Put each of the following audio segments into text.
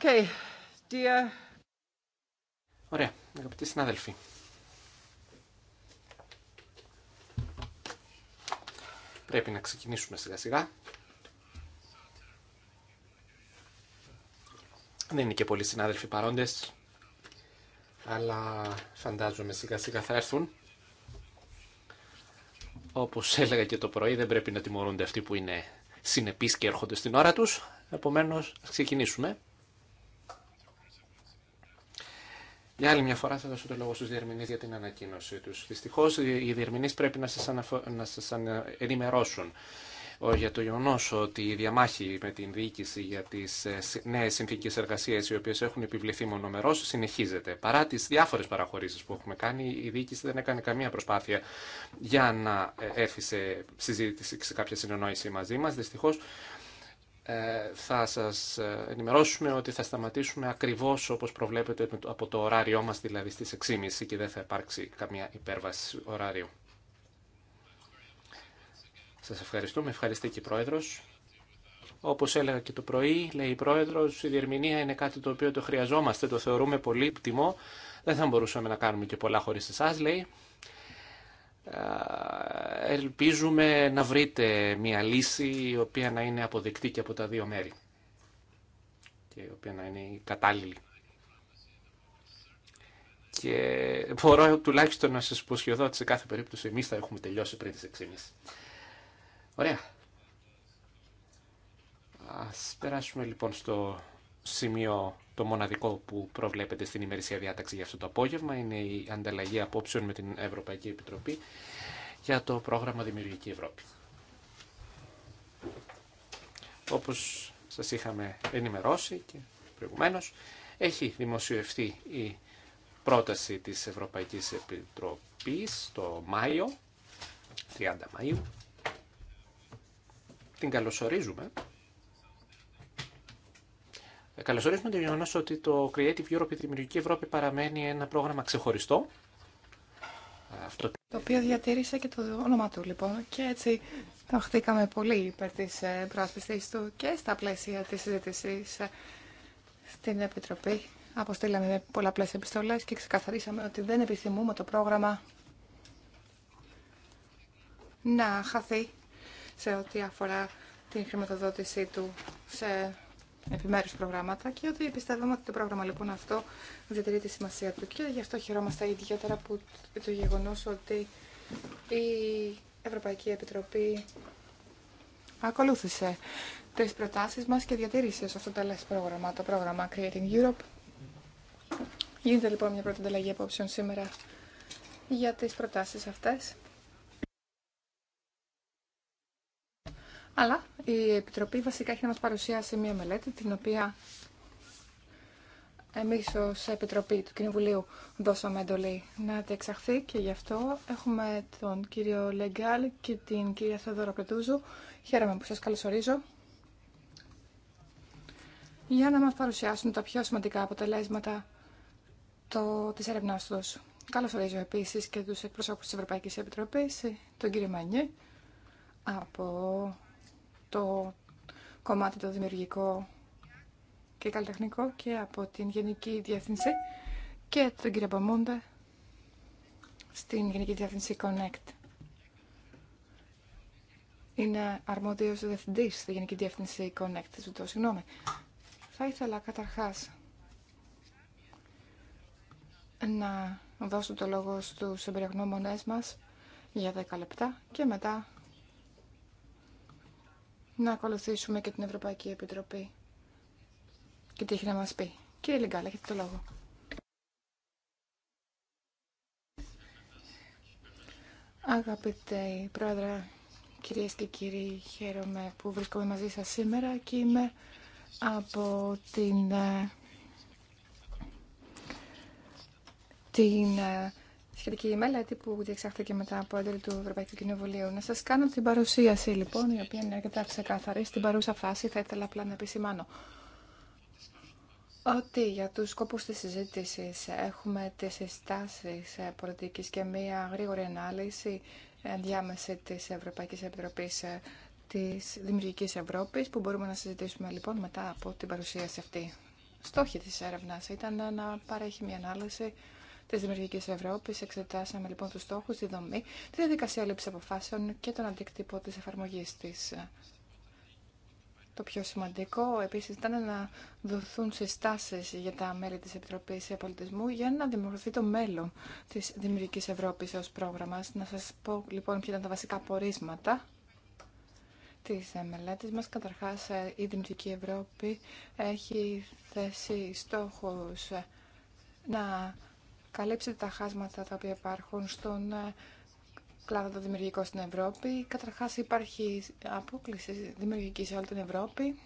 Okay, dear... Ωραία, αγαπητοί συνάδελφοι. Πρέπει να ξεκινήσουμε σιγά σιγά. Δεν είναι και πολλοί συνάδελφοι παρόντες, αλλά φαντάζομαι σιγά σιγά θα έρθουν. Όπως έλεγα και το πρωί, δεν πρέπει να τιμωρούνται αυτοί που είναι συνεπείς και έρχονται στην ώρα τους. Επομένως, ξεκινήσουμε. Για άλλη μια φορά θα δώσω το λόγο στους διερμηνείς για την ανακοίνωσή τους. Δυστυχώς οι διερμηνείς πρέπει να σας, να σας ενημερώσουν για το γεγονό ότι η διαμάχη με την διοίκηση για τι ε, νέε συνθήκε εργασία, οι οποίε έχουν επιβληθεί μονομερό, συνεχίζεται. Παρά τι διάφορε παραχωρήσει που έχουμε κάνει, η διοίκηση δεν έκανε καμία προσπάθεια για να ε, έρθει σε συζήτηση, σε κάποια συνεννόηση μαζί μα. Δυστυχώ, ε, θα σας ε, ενημερώσουμε ότι θα σταματήσουμε ακριβώς όπως προβλέπετε από το ωράριό μας, δηλαδή στις 6.30 και δεν θα υπάρξει καμία υπέρβαση ωραρίου. Σας ευχαριστούμε, ευχαριστεί και η Πρόεδρος. Όπως έλεγα και το πρωί, λέει η Πρόεδρος, η διερμηνία είναι κάτι το οποίο το χρειαζόμαστε, το θεωρούμε πολύ πτυμό. Δεν θα μπορούσαμε να κάνουμε και πολλά χωρίς εσάς, λέει ελπίζουμε να βρείτε μια λύση η οποία να είναι αποδεκτή και από τα δύο μέρη και η οποία να είναι κατάλληλη. Και μπορώ τουλάχιστον να σας πω ότι σε κάθε περίπτωση εμείς θα έχουμε τελειώσει πριν τις 6.30. Ωραία. Ας περάσουμε λοιπόν στο σημείο το μοναδικό που προβλέπεται στην ημερησία διάταξη για αυτό το απόγευμα είναι η ανταλλαγή απόψεων με την Ευρωπαϊκή Επιτροπή για το πρόγραμμα Δημιουργική Ευρώπη. Όπως σας είχαμε ενημερώσει και προηγουμένως, έχει δημοσιευτεί η πρόταση της Ευρωπαϊκής Επιτροπής το Μάιο, 30 Μαΐου. Την καλωσορίζουμε ε, καλωσορίζουμε το γεγονό ότι το Creative Europe, η Δημιουργική Ευρώπη, παραμένει ένα πρόγραμμα ξεχωριστό. Αυτό... Το οποίο διατήρησε και το όνομα του, λοιπόν. Και έτσι ταχθήκαμε πολύ υπέρ τη ε, προάσπιση του και στα πλαίσια τη συζήτηση ε, στην Επιτροπή. Αποστήλαμε πολλαπλέ επιστολέ και ξεκαθαρίσαμε ότι δεν επιθυμούμε το πρόγραμμα να χαθεί σε ό,τι αφορά την χρηματοδότησή του σε επιμέρους προγράμματα και ότι πιστεύουμε ότι το πρόγραμμα λοιπόν αυτό διατηρεί τη σημασία του και γι' αυτό χαιρόμαστε ιδιαίτερα που το γεγονός ότι η Ευρωπαϊκή Επιτροπή ακολούθησε τις προτάσεις μας και διατήρησε ως αυτό το τέλος πρόγραμμα, το πρόγραμμα Creating Europe. Γίνεται λοιπόν μια πρώτη ανταλλαγή απόψεων σήμερα για τις προτάσεις αυτές. Αλλά η Επιτροπή βασικά έχει να μας παρουσιάσει μια μελέτη την οποία εμείς ως Επιτροπή του Κοινοβουλίου δώσαμε εντολή να διεξαχθεί και γι' αυτό έχουμε τον κύριο Λεγκάλ και την κυρία Θεοδόρα Πετούζου. Χαίρομαι που σας καλωσορίζω για να μας παρουσιάσουν τα πιο σημαντικά αποτελέσματα το, της έρευνάς τους. Καλώς επίσης και τους εκπροσώπους της Ευρωπαϊκής Επιτροπής, τον κύριο Μανιέ από το κομμάτι το δημιουργικό και καλλιτεχνικό και από την Γενική Διεύθυνση και τον κύριο στην Γενική Διεύθυνση Connect. Είναι αρμόδιος διευθυντής στη Γενική Διεύθυνση Connect. Ζητώ συγγνώμη. Θα ήθελα καταρχάς να δώσω το λόγο στους εμπειρογνώμονές μας για 10 λεπτά και μετά να ακολουθήσουμε και την Ευρωπαϊκή Επιτροπή και τι έχει να μας πει. Κύριε Λιγκάλα, έχετε το λόγο. Αγαπητέ Πρόεδρε, κυρίες και κύριοι, χαίρομαι που βρίσκομαι μαζί σας σήμερα και είμαι από την, ε, την ε, σχετική μελέτη που διεξάχθηκε μετά από έντολη του Ευρωπαϊκού Κοινοβουλίου. Να σα κάνω την παρουσίαση λοιπόν, η οποία είναι αρκετά ξεκάθαρη. Στην παρούσα φάση θα ήθελα απλά να επισημάνω ότι για τους σκοπούς της συζήτησης έχουμε τις συστάσεις ε, πολιτικής και μία γρήγορη ανάλυση διάμεση της Ευρωπαϊκής Επιτροπής ε, της Δημιουργικής Ευρώπης που μπορούμε να συζητήσουμε λοιπόν μετά από την παρουσίαση αυτή. Στόχοι της έρευνας ήταν να παρέχει μια γρηγορη αναλυση ενδιάμεση της ευρωπαικης επιτροπης της δημιουργικης ευρωπης που μπορουμε να συζητησουμε λοιπον μετα απο την παρουσιαση αυτη στοχοι της ερευνας ηταν να παρεχει μια αναλυση τη Δημιουργική Ευρώπη. Εξετάσαμε λοιπόν του στόχου, τη δομή, τη διαδικασία λήψη αποφάσεων και τον αντίκτυπο τη εφαρμογή τη. Το πιο σημαντικό επίση ήταν να δοθούν συστάσει για τα μέλη τη επιτροπή Πολιτισμού για να δημιουργηθεί το μέλλον τη δημιουργική Ευρώπη ω πρόγραμμα. Να σα πω λοιπόν ποια ήταν τα βασικά πορίσματα τη μελέτη μα. Καταρχά η Δημιουργική Ευρώπη έχει θέσει στόχου να καλύψετε τα χάσματα τα οποία υπάρχουν στον ε, κλάδο το δημιουργικό στην Ευρώπη. Καταρχάς υπάρχει απόκληση δημιουργική σε όλη την Ευρώπη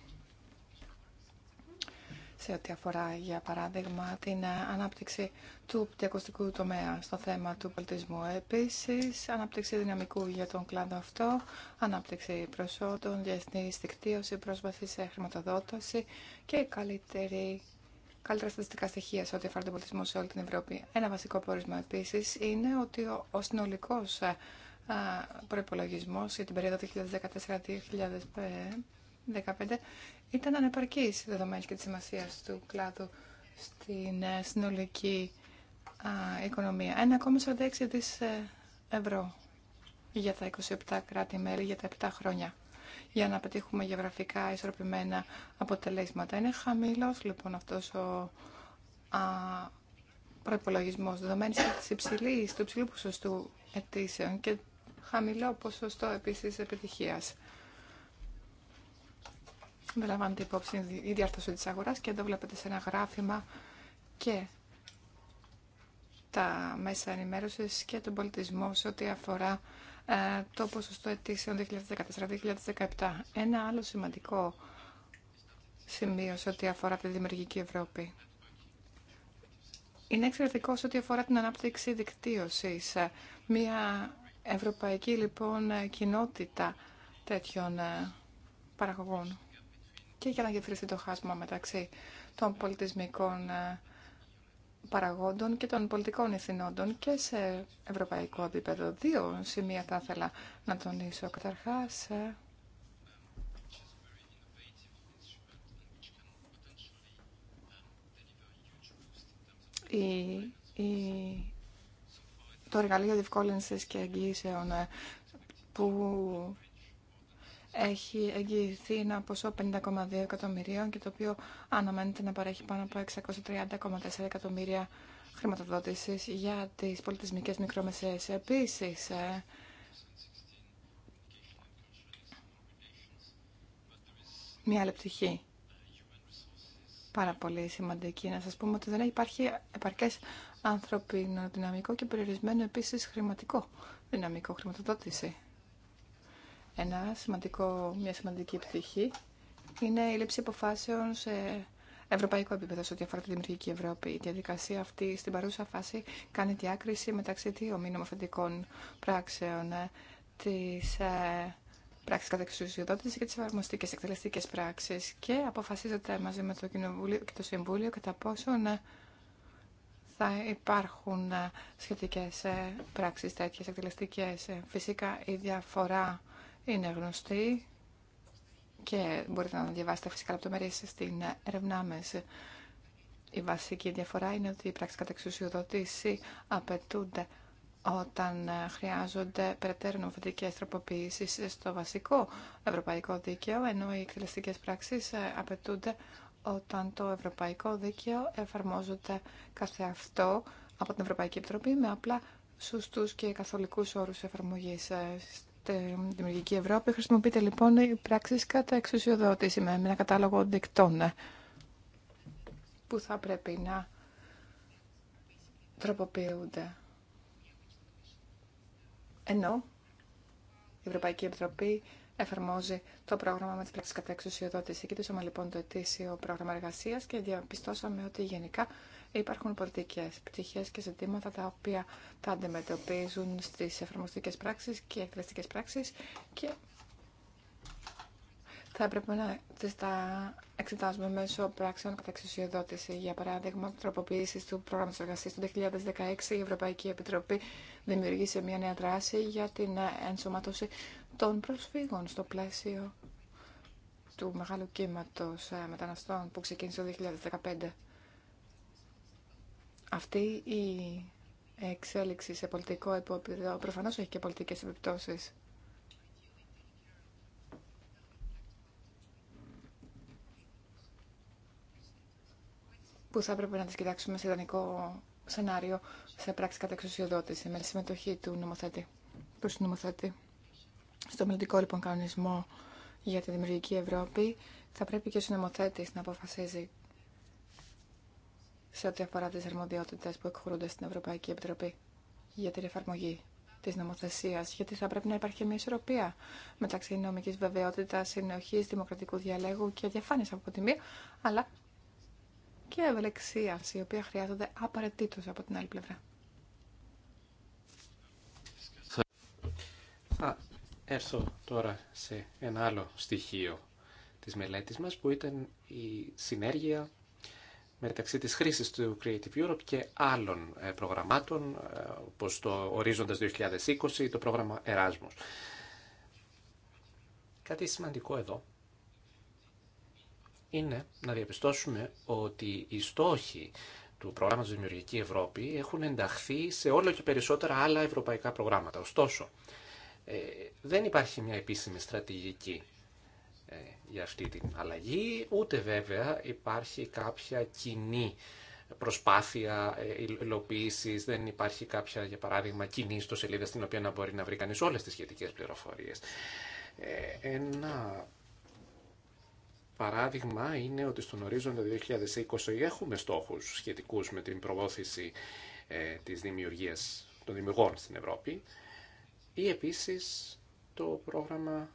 σε ό,τι αφορά, για παράδειγμα, την ε, ανάπτυξη του πτιακοστικού τομέα στο θέμα του πολιτισμού. Επίσης, ανάπτυξη δυναμικού για τον κλάδο αυτό, ανάπτυξη προσόντων, διεθνή δικτύωση, πρόσβαση σε χρηματοδότηση και καλύτερη καλύτερα στατιστικά στοιχεία σε ό,τι αφορά τον πολιτισμό σε όλη την Ευρώπη. Ένα βασικό πόρισμα επίση είναι ότι ο, συνολικό ε, ε, προπολογισμό για την περίοδο 2014-2015 ήταν ανεπαρκή δεδομένη και τη σημασία του κλάδου στην ε, συνολική οικονομία. 1,46 δις ευρώ για τα 27 κράτη-μέλη για τα 7 χρόνια για να πετύχουμε γεωγραφικά ισορροπημένα αποτελέσματα. Είναι χαμηλός λοιπόν αυτός ο α, προϋπολογισμός δεδομένης της υψηλής, του υψηλού ποσοστού αιτήσεων και χαμηλό ποσοστό επίσης επιτυχίας. Δεν λαμβάνεται υπόψη η διάρθρωση της αγοράς και εδώ βλέπετε σε ένα γράφημα και τα μέσα ενημέρωσης και τον πολιτισμό σε ό,τι αφορά ε, το ποσοστό αιτήσεων 2014-2017. Ένα άλλο σημαντικό σημείο σε ό,τι αφορά τη δημιουργική Ευρώπη. Είναι εξαιρετικό σε ό,τι αφορά την ανάπτυξη δικτύωσης. Ε, μια ευρωπαϊκή λοιπόν κοινότητα τέτοιων ε, παραγωγών. Και για να γεφυρίσει το χάσμα μεταξύ των πολιτισμικών παραγόντων και των πολιτικών ηθινόντων και σε ευρωπαϊκό επίπεδο. Δύο σημεία θα ήθελα να τονίσω. Καταρχάς, ε, η, το εργαλείο διευκόλυνσης και εγγύησεων ε, που έχει εγγυηθεί ένα ποσό 50,2 εκατομμυρίων και το οποίο αναμένεται να παρέχει πάνω από 630,4 εκατομμύρια χρηματοδότησης για τις πολιτισμικές μικρομεσαίες. Επίσης, ε, μια άλλη πάρα πολύ σημαντική να σας πούμε ότι δεν υπάρχει επαρκές ανθρωπίνο δυναμικό και περιορισμένο επίσης χρηματικό δυναμικό χρηματοδότηση. Ένα σημαντικό, μια σημαντική πτυχή είναι η λήψη αποφάσεων σε ευρωπαϊκό επίπεδο σε ό,τι αφορά τη Δημιουργική Ευρώπη. Η διαδικασία αυτή στην παρούσα φάση κάνει διάκριση μεταξύ δύο μη νομοθετικών πράξεων ε, τη ε, πράξη κατά εξουσιοδότηση και τι εφαρμοστικέ εκτελεστικέ πράξει και αποφασίζεται μαζί με το Κοινοβούλιο και το Συμβούλιο κατά πόσο ε, θα υπάρχουν σχετικές πράξεις τέτοιες εκτελεστικές. Φυσικά η διαφορά είναι γνωστή και μπορείτε να διαβάσετε φυσικά λεπτομέρειε στην έρευνά Η βασική διαφορά είναι ότι οι πράξει κατά εξουσιοδότηση απαιτούνται όταν χρειάζονται περαιτέρω νομοθετικέ τροποποιήσει στο βασικό ευρωπαϊκό δίκαιο, ενώ οι εκτελεστικέ πράξει απαιτούνται όταν το ευρωπαϊκό δίκαιο εφαρμόζεται καθεαυτό από την Ευρωπαϊκή Επιτροπή με απλά σωστούς και καθολικούς όρους εφαρμογής τη Δημιουργική Ευρώπη χρησιμοποιείται λοιπόν η πράξη κατά εξουσιοδότηση με ένα κατάλογο δικτών ε, που θα πρέπει να τροποποιούνται. Ενώ η Ευρωπαϊκή Επιτροπή εφαρμόζει το πρόγραμμα με τις πράξεις κατά εξουσιοδότηση. Κοιτούσαμε λοιπόν το ετήσιο πρόγραμμα εργασίας και διαπιστώσαμε ότι γενικά Υπάρχουν πολιτικέ πτυχέ και ζητήματα τα οποία θα αντιμετωπίζουν στι εφαρμοστικέ πράξει και εκτελεστικέ πράξει και θα έπρεπε να τις τα εξετάζουμε μέσω πράξεων κατά εξουσιοδότηση. Για παράδειγμα, τροποποίηση του πρόγραμματος εργασίας του 2016, η Ευρωπαϊκή Επιτροπή δημιουργήσε μια νέα δράση για την ενσωματώση των προσφύγων στο πλαίσιο του μεγάλου κύματος ε, μεταναστών που ξεκίνησε το 2015. Αυτή η εξέλιξη σε πολιτικό επίπεδο προφανώς έχει και πολιτικές επιπτώσεις. που θα έπρεπε να τις κοιτάξουμε σε ιδανικό σενάριο σε πράξη κατά εξουσιοδότηση με τη συμμετοχή του νομοθέτη, του συνομοθέτη. Στο μελλοντικό λοιπόν κανονισμό για τη δημιουργική Ευρώπη θα πρέπει και ο νομοθέτης να αποφασίζει σε ό,τι αφορά τις αρμοδιότητες που εκχωρούνται στην Ευρωπαϊκή Επιτροπή για την εφαρμογή της νομοθεσίας, γιατί θα πρέπει να υπάρχει μια ισορροπία μεταξύ νομικής βεβαιότητας, συνοχής, δημοκρατικού διαλέγου και διαφάνεια από τη μία, αλλά και ευελεξίας, η οποία χρειάζονται απαραίτητο από την άλλη πλευρά. Θα έρθω τώρα σε ένα άλλο στοιχείο της μελέτης μας που ήταν η συνέργεια μεταξύ της χρήσης του Creative Europe και άλλων ε, προγραμμάτων, ε, όπως το Ορίζοντας 2020, το πρόγραμμα Erasmus. Κάτι σημαντικό εδώ είναι να διαπιστώσουμε ότι οι στόχοι του προγράμματος Δημιουργική Ευρώπη έχουν ενταχθεί σε όλο και περισσότερα άλλα ευρωπαϊκά προγράμματα. Ωστόσο, ε, δεν υπάρχει μια επίσημη στρατηγική ε, για αυτή την αλλαγή, ούτε βέβαια υπάρχει κάποια κοινή προσπάθεια ε, υλοποίηση, δεν υπάρχει κάποια, για παράδειγμα, κοινή στο σελίδα στην οποία να μπορεί να βρει κανεί όλε τι σχετικέ πληροφορίε. Ε, ένα παράδειγμα είναι ότι στον ορίζοντα 2020 έχουμε στόχους σχετικούς με την προώθηση της δημιουργίας των δημιουργών στην Ευρώπη ή επίσης το πρόγραμμα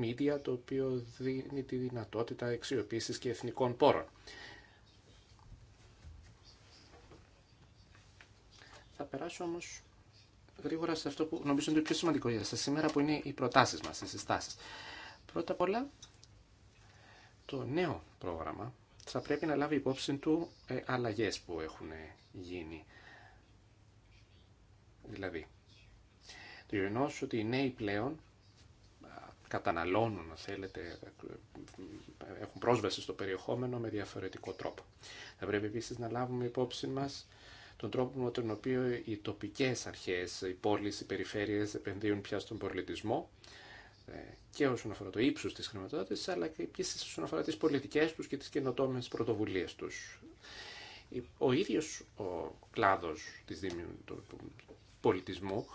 media, το οποίο δίνει τη δυνατότητα αξιοποίησης και εθνικών πόρων. Θα περάσω όμως γρήγορα σε αυτό που νομίζω είναι το πιο σημαντικό για σας σήμερα, που είναι οι προτάσεις μας, οι συστάσεις. Πρώτα απ' όλα, το νέο πρόγραμμα θα πρέπει να λάβει υπόψη του ε, αλλαγές που έχουν γίνει. Δηλαδή, το γεγονό ότι οι νέοι πλέον καταναλώνουν, αν θέλετε, έχουν πρόσβαση στο περιεχόμενο με διαφορετικό τρόπο. Θα πρέπει επίσης να λάβουμε υπόψη μας τον τρόπο με τον οποίο οι τοπικές αρχές, οι πόλεις, οι περιφέρειες επενδύουν πια στον πολιτισμό ε, και όσον αφορά το ύψος της χρηματοδότησης, αλλά και επίση όσον αφορά τις πολιτικές τους και τις καινοτόμε πρωτοβουλίες τους. Ο ίδιος ο κλάδος της του πολιτισμού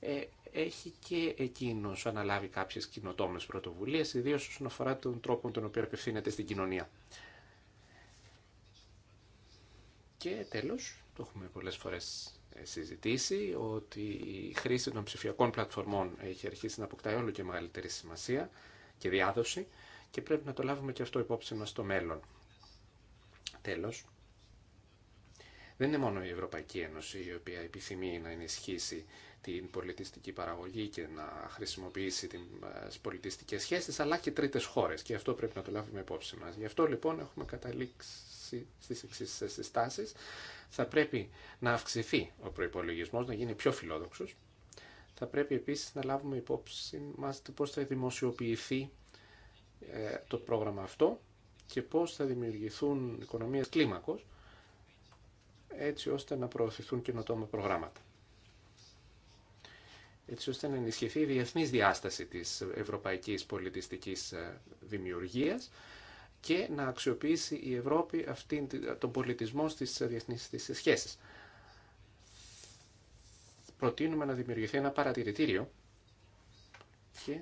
ε, έχει και εκείνο αναλάβει κάποιε κοινοτόμε πρωτοβουλίε, ιδίω όσον αφορά τον τρόπο τον οποίο απευθύνεται στην κοινωνία. Και τέλο, το έχουμε πολλέ φορέ συζητήσει, ότι η χρήση των ψηφιακών πλατφορμών έχει αρχίσει να αποκτάει όλο και μεγαλύτερη σημασία και διάδοση και πρέπει να το λάβουμε και αυτό υπόψη μας στο μέλλον. Τέλος, δεν είναι μόνο η Ευρωπαϊκή Ένωση η οποία επιθυμεί να ενισχύσει την πολιτιστική παραγωγή και να χρησιμοποιήσει τις ε, πολιτιστικές σχέσεις, αλλά και τρίτες χώρες. Και αυτό πρέπει να το λάβουμε υπόψη μας. Γι' αυτό λοιπόν έχουμε καταλήξει στις εξής συστάσεις. Θα πρέπει να αυξηθεί ο προϋπολογισμός, να γίνει πιο φιλόδοξος. Θα πρέπει επίσης να λάβουμε υπόψη μας πώς θα δημοσιοποιηθεί ε, το πρόγραμμα αυτό και πώς θα δημιουργηθούν οικονομίες κλίμακος έτσι ώστε να προωθηθούν καινοτόμα προγράμματα έτσι ώστε να ενισχυθεί η διεθνή διάσταση της ευρωπαϊκής πολιτιστική ε, δημιουργία και να αξιοποιήσει η Ευρώπη τον πολιτισμό στις ε, διεθνείς σχέσει. σχέσεις. Προτείνουμε να δημιουργηθεί ένα παρατηρητήριο και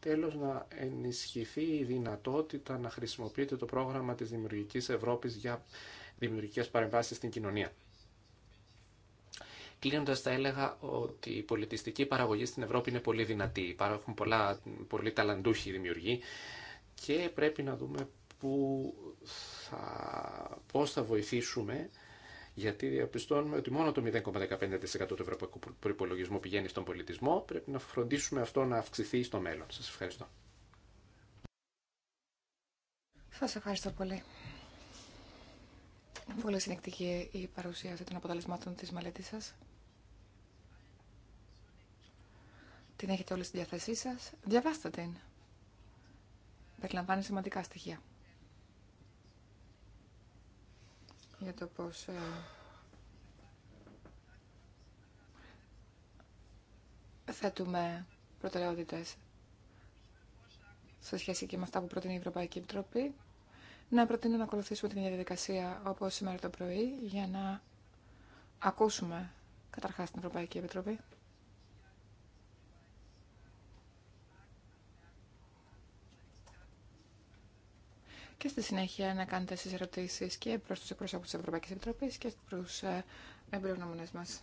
τέλος να ενισχυθεί η δυνατότητα να χρησιμοποιείται το πρόγραμμα της Δημιουργικής Ευρώπης για δημιουργικές παρεμβάσεις στην κοινωνία. Κλείνοντα θα έλεγα ότι η πολιτιστική παραγωγή στην Ευρώπη είναι πολύ δυνατή. Υπάρχουν πολλά, πολύ ταλαντούχοι δημιουργοί και πρέπει να δούμε που θα, πώς θα βοηθήσουμε γιατί διαπιστώνουμε ότι μόνο το 0,15% του ευρωπαϊκού προπολογισμού πηγαίνει στον πολιτισμό. Πρέπει να φροντίσουμε αυτό να αυξηθεί στο μέλλον. Σας ευχαριστώ. Σας ευχαριστώ πολύ. Πολύ συνεκτική η παρουσίαση των αποτελεσμάτων της μελέτης σας. Την έχετε όλη στη διάθεσή σας. Διαβάστε την. Περιλαμβάνει σημαντικά στοιχεία. Για το πώς... Ε, θέτουμε προτεραιότητες σε σχέση και με αυτά που προτείνει η Ευρωπαϊκή Επιτροπή. Να προτείνω να ακολουθήσουμε την διαδικασία όπως σήμερα το πρωί για να ακούσουμε καταρχάς την Ευρωπαϊκή Επιτροπή. και στη συνέχεια να κάνετε εσείς ερωτήσεις και προς τους εκπροσώπους της Ευρωπαϊκής Επιτροπής και προς ε, εμπειρογνώμονες μας.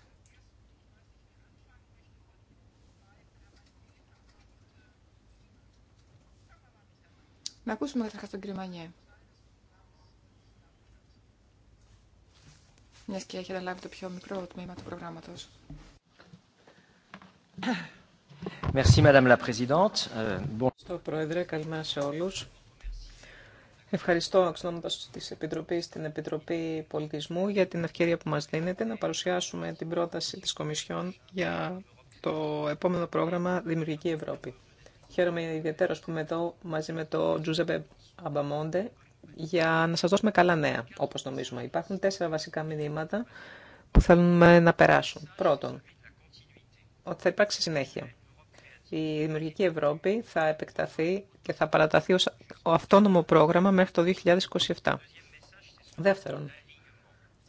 Να ακούσουμε καταρχά τον κύριο Μανιέ. Μιας και έχει αναλάβει το πιο μικρό τμήμα του προγράμματος. Merci, euh, Πρόεδρε, καλημέρα σε όλους. Ευχαριστώ αξιόματος της Επιτροπής την Επιτροπή Πολιτισμού για την ευκαιρία που μας δίνεται να παρουσιάσουμε την πρόταση της Κομισιόν για το επόμενο πρόγραμμα Δημιουργική Ευρώπη. Χαίρομαι ιδιαίτερα που είμαι εδώ μαζί με τον Τζουζεμπε Αμπαμόντε για να σας δώσουμε καλά νέα, όπως νομίζουμε. Υπάρχουν τέσσερα βασικά μηνύματα που θέλουμε να περάσουν. Πρώτον, ότι θα υπάρξει συνέχεια. Η Δημιουργική Ευρώπη θα επεκταθεί και θα παραταθεί ως αυτόνομο πρόγραμμα μέχρι το 2027. Δεύτερον,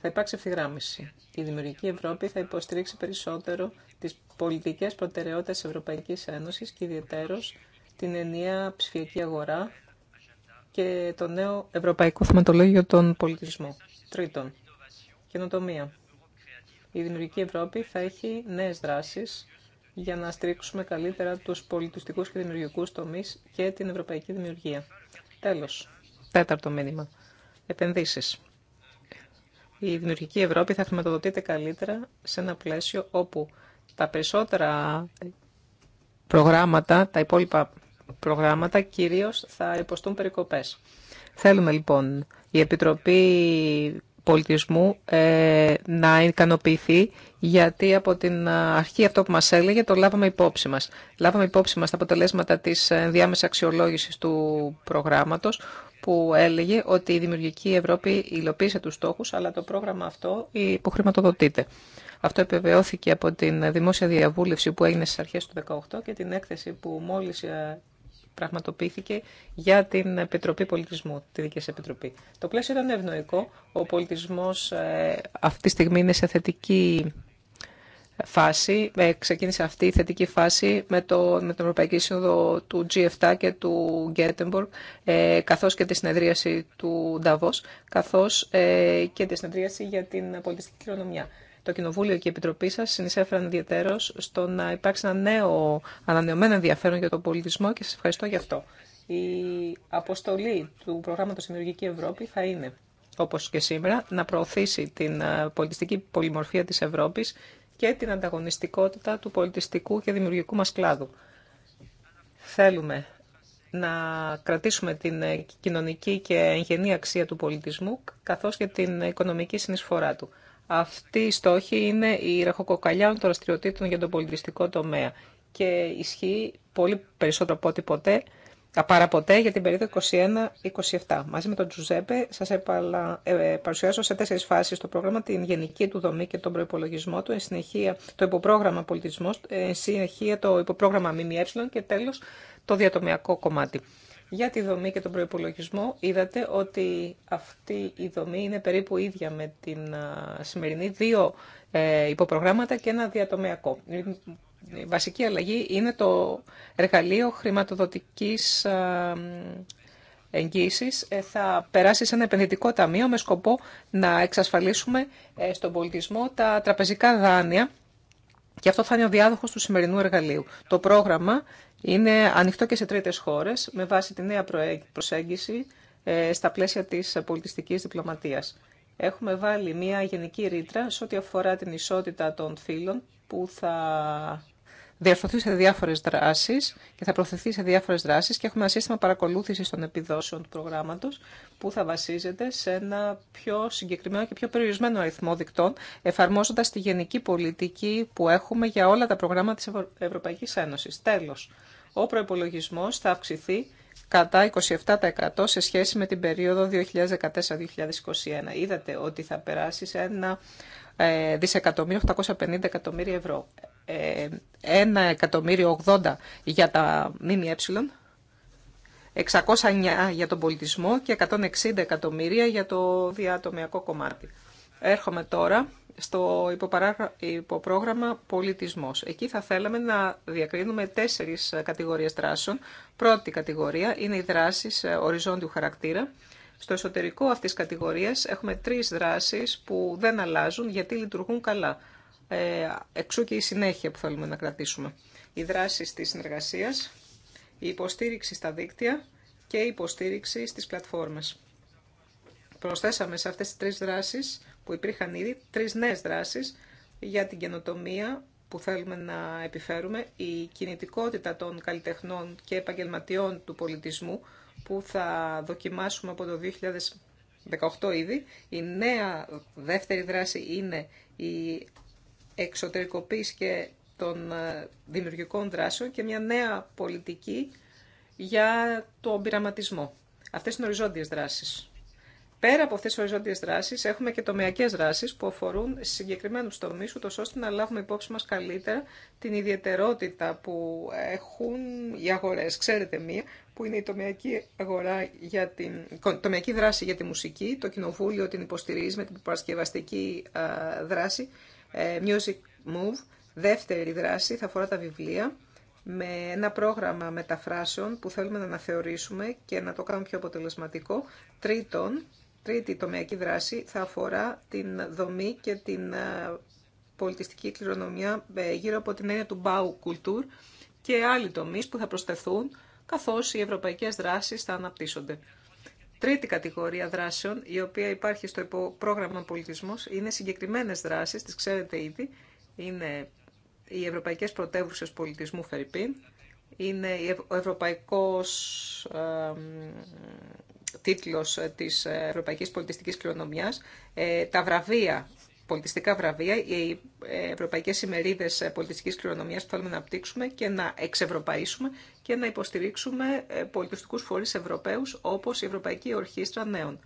θα υπάρξει ευθυγράμμιση. Η Δημιουργική Ευρώπη θα υποστηρίξει περισσότερο τις πολιτικές προτεραιότητες Ευρωπαϊκής Ένωσης και ιδιαίτερως την ενιαία ψηφιακή αγορά και το νέο Ευρωπαϊκό Θεματολόγιο των Πολιτισμών. Τρίτον, καινοτομία. Η Δημιουργική Ευρώπη θα έχει νέες δράσεις για να στρίξουμε καλύτερα τους πολιτιστικούς και δημιουργικούς τομείς και την ευρωπαϊκή δημιουργία. Τέλος, τέταρτο μήνυμα. Επενδύσεις. Η δημιουργική Ευρώπη θα χρηματοδοτείται καλύτερα σε ένα πλαίσιο όπου τα περισσότερα προγράμματα, τα υπόλοιπα προγράμματα κυρίως θα υποστούν περικοπές. Θέλουμε λοιπόν η Επιτροπή πολιτισμού ε, να ικανοποιηθεί, γιατί από την ε, αρχή αυτό που μας έλεγε το λάβαμε υπόψη μας. Λάβαμε υπόψη μας τα αποτελέσματα της ε, διάμεσης αξιολόγησης του προγράμματος, που έλεγε ότι η Δημιουργική Ευρώπη υλοποίησε τους στόχους, αλλά το πρόγραμμα αυτό υποχρηματοδοτείται. Ε, αυτό επιβεβαιώθηκε από την δημόσια διαβούλευση που έγινε στις αρχές του 2018 και την έκθεση που μόλις πραγματοποιήθηκε για την Επιτροπή Πολιτισμού, τη Δική Επιτροπή. Το πλαίσιο ήταν ευνοϊκό. Ο πολιτισμός ε, αυτή τη στιγμή είναι σε θετική φάση. Ε, ξεκίνησε αυτή η θετική φάση με, το, με την Ευρωπαϊκή Σύνοδο του G7 και του Γκέτεμπορκ, ε, καθώς και τη συνεδρίαση του Νταβός, καθώς ε, και τη συνεδρίαση για την πολιτιστική κληρονομιά το Κοινοβούλιο και η Επιτροπή σα συνεισέφεραν ιδιαίτερω στο να υπάρξει ένα νέο ανανεωμένο ενδιαφέρον για τον πολιτισμό και σα ευχαριστώ γι' αυτό. Η αποστολή του προγράμματο Δημιουργική Ευρώπη θα είναι, όπω και σήμερα, να προωθήσει την ε, πολιτιστική πολυμορφία τη Ευρώπη και την ανταγωνιστικότητα του πολιτιστικού και δημιουργικού μα κλάδου. Θέλουμε να κρατήσουμε την ε, κοινωνική και εγγενή αξία του πολιτισμού, καθώς και την οικονομική συνεισφορά του. Αυτή η στόχη είναι η ραχοκοκαλιά των δραστηριοτήτων για τον πολιτιστικό τομέα και ισχύει πολύ περισσότερο από ό,τι ποτέ, παρά ποτέ, για την περίοδο 21-27. Μαζί με τον Τζουζέπε σας επαλα... Ε, παρουσιάσω σε τέσσερις φάσεις το πρόγραμμα, την γενική του δομή και τον προπολογισμό του, εν συνεχεία το υποπρόγραμμα πολιτισμό. Ε, συνεχεία το υποπρόγραμμα ΜΜΕ και τέλο το διατομιακό κομμάτι. Για τη δομή και τον προϋπολογισμό είδατε ότι αυτή η δομή είναι περίπου ίδια με την σημερινή. Δύο ε, υποπρογράμματα και ένα διατομιακό. Η βασική αλλαγή είναι το εργαλείο χρηματοδοτικής εγγύησης. Ε, θα περάσει σε ένα επενδυτικό ταμείο με σκοπό να εξασφαλίσουμε ε, στον πολιτισμό τα τραπεζικά δάνεια και αυτό θα είναι ο διάδοχο του σημερινού εργαλείου. Το πρόγραμμα είναι ανοιχτό και σε τρίτε χώρε με βάση τη νέα προσέγγιση ε, στα πλαίσια τη πολιτιστική διπλωματία. Έχουμε βάλει μια γενική ρήτρα σε ό,τι αφορά την ισότητα των φύλων που θα διαρθωθεί σε διάφορε δράσει και θα προωθηθεί σε διάφορε δράσει και έχουμε ένα σύστημα παρακολούθηση των επιδόσεων του προγράμματο που θα βασίζεται σε ένα πιο συγκεκριμένο και πιο περιορισμένο αριθμό δικτών, εφαρμόζοντα τη γενική πολιτική που έχουμε για όλα τα προγράμματα τη Ευρωπαϊκή Ένωση. Τέλο, ο προπολογισμό θα αυξηθεί κατά 27% σε σχέση με την περίοδο 2014-2021. Είδατε ότι θα περάσει σε ένα ε, δισεκατομμύριο 850 εκατομμύρια ευρώ. 1.080.000 για τα ΜΜΕ, 609 για τον πολιτισμό και 160 εκατομμύρια για το διατομιακό κομμάτι. Έρχομαι τώρα στο υποπρόγραμμα πολιτισμός. Εκεί θα θέλαμε να διακρίνουμε τέσσερις κατηγορίες δράσεων. Πρώτη κατηγορία είναι οι δράσεις οριζόντιου χαρακτήρα. Στο εσωτερικό αυτής κατηγορίας έχουμε τρεις δράσεις που δεν αλλάζουν γιατί λειτουργούν καλά. Ε, εξού και η συνέχεια που θέλουμε να κρατήσουμε. Οι δράσει της συνεργασίας, η υποστήριξη στα δίκτυα και η υποστήριξη στις πλατφόρμες. Προσθέσαμε σε αυτές τις τρεις δράσεις που υπήρχαν ήδη, τρεις νέες δράσεις για την καινοτομία που θέλουμε να επιφέρουμε, η κινητικότητα των καλλιτεχνών και επαγγελματιών του πολιτισμού που θα δοκιμάσουμε από το 2018 ήδη. Η νέα δεύτερη δράση είναι η εξωτερικοποίηση και των ε, δημιουργικών δράσεων και μια νέα πολιτική για τον πειραματισμό. Αυτές είναι οριζόντιες δράσεις. Πέρα από αυτές τις οριζόντιες δράσεις έχουμε και τομεακές δράσεις που αφορούν συγκεκριμένους τομείς ούτως ώστε να λάβουμε υπόψη μας καλύτερα την ιδιαιτερότητα που έχουν οι αγορές. Ξέρετε μία που είναι η τομεακή, αγορά για την, τομεακή δράση για τη μουσική, το κοινοβούλιο την υποστηρίζει με την παρασκευαστική ε, δράση ε, Music Move. Δεύτερη δράση θα αφορά τα βιβλία με ένα πρόγραμμα μεταφράσεων που θέλουμε να αναθεωρήσουμε και να το κάνουμε πιο αποτελεσματικό. Τρίτον, τρίτη τομεακή δράση θα αφορά την δομή και την ε, πολιτιστική κληρονομιά ε, γύρω από την έννοια του Bau και άλλοι τομείς που θα προσθεθούν καθώς οι ευρωπαϊκές δράσεις θα αναπτύσσονται τρίτη κατηγορία δράσεων, η οποία υπάρχει στο πρόγραμμα πολιτισμό, είναι συγκεκριμένες δράσεις, τι ξέρετε ήδη, είναι οι Ευρωπαϊκέ Πρωτεύουσε Πολιτισμού Φερρυπίν, είναι ο Ευρωπαϊκός ε, τίτλος της Ευρωπαϊκής Πολιτιστικής Κληρονομιάς, ε, τα βραβεία πολιτιστικά βραβεία, οι ε, ευρωπαϊκές ημερίδες ε, πολιτιστικής κληρονομίας που θέλουμε να απτύξουμε και να εξευρωπαίσουμε και να υποστηρίξουμε ε, πολιτιστικούς φορείς Ευρωπαίους όπως η Ευρωπαϊκή Ορχήστρα Νέων.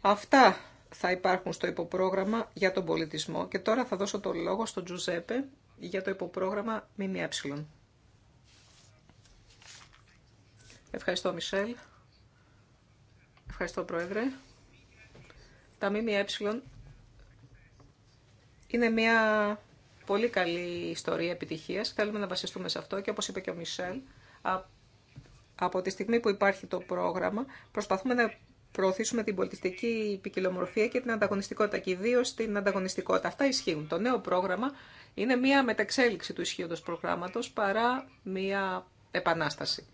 Αυτά θα υπάρχουν στο υποπρόγραμμα για τον πολιτισμό και τώρα θα δώσω το λόγο στον Τζουζέπε για το υποπρόγραμμα ΜΜΕ. Ευχαριστώ Μισελ. Ευχαριστώ Πρόεδρε. Τα ΜΜΕ είναι μια πολύ καλή ιστορία επιτυχίας. Θέλουμε να βασιστούμε σε αυτό και όπως είπε και ο Μισελ, από τη στιγμή που υπάρχει το πρόγραμμα, προσπαθούμε να προωθήσουμε την πολιτιστική ποικιλομορφία και την ανταγωνιστικότητα και ιδίω την ανταγωνιστικότητα. Αυτά ισχύουν. Το νέο πρόγραμμα είναι μια μεταξέλιξη του ισχύοντος προγράμματο παρά μια επανάσταση.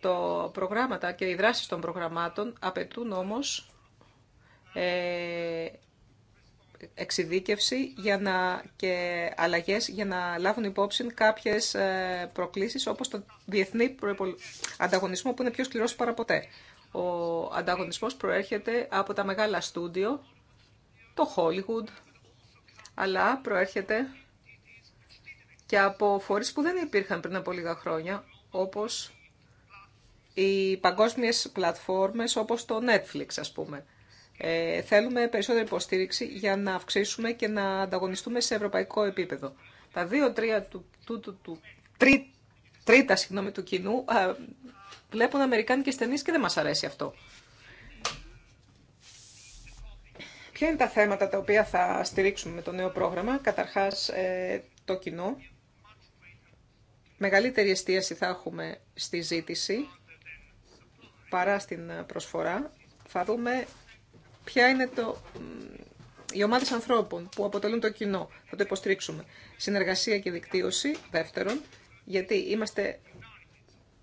Το προγράμματα και οι δράσει των προγραμμάτων απαιτούν όμω. ε, εξειδίκευση για να, και αλλαγές για να λάβουν υπόψη κάποιες ε, προκλήσεις όπως το διεθνή ανταγωνισμό που είναι πιο σκληρός παραποτέ. Ο ανταγωνισμός προέρχεται από τα μεγάλα στούντιο, το Hollywood, αλλά προέρχεται και από φορείς που δεν υπήρχαν πριν από λίγα χρόνια, όπως οι παγκόσμιες πλατφόρμες όπως το Netflix ας πούμε. Ε, θέλουμε περισσότερη υποστήριξη για να αυξήσουμε και να ανταγωνιστούμε σε ευρωπαϊκό επίπεδο. Τα δύο τρία του, του, του, του τρίτα συγγνώμη, του κοινού βλέπουν αμερικάνικες ταινίες και δεν μας αρέσει αυτό. Ποια είναι τα θέματα τα οποία θα στηρίξουμε με το νέο πρόγραμμα. Καταρχάς ε, το κοινό. Μεγαλύτερη εστίαση θα έχουμε στη ζήτηση παρά στην προσφορά. Θα δούμε ποια είναι το, οι ομάδε ανθρώπων που αποτελούν το κοινό. Θα το υποστρίξουμε. Συνεργασία και δικτύωση, δεύτερον, γιατί είμαστε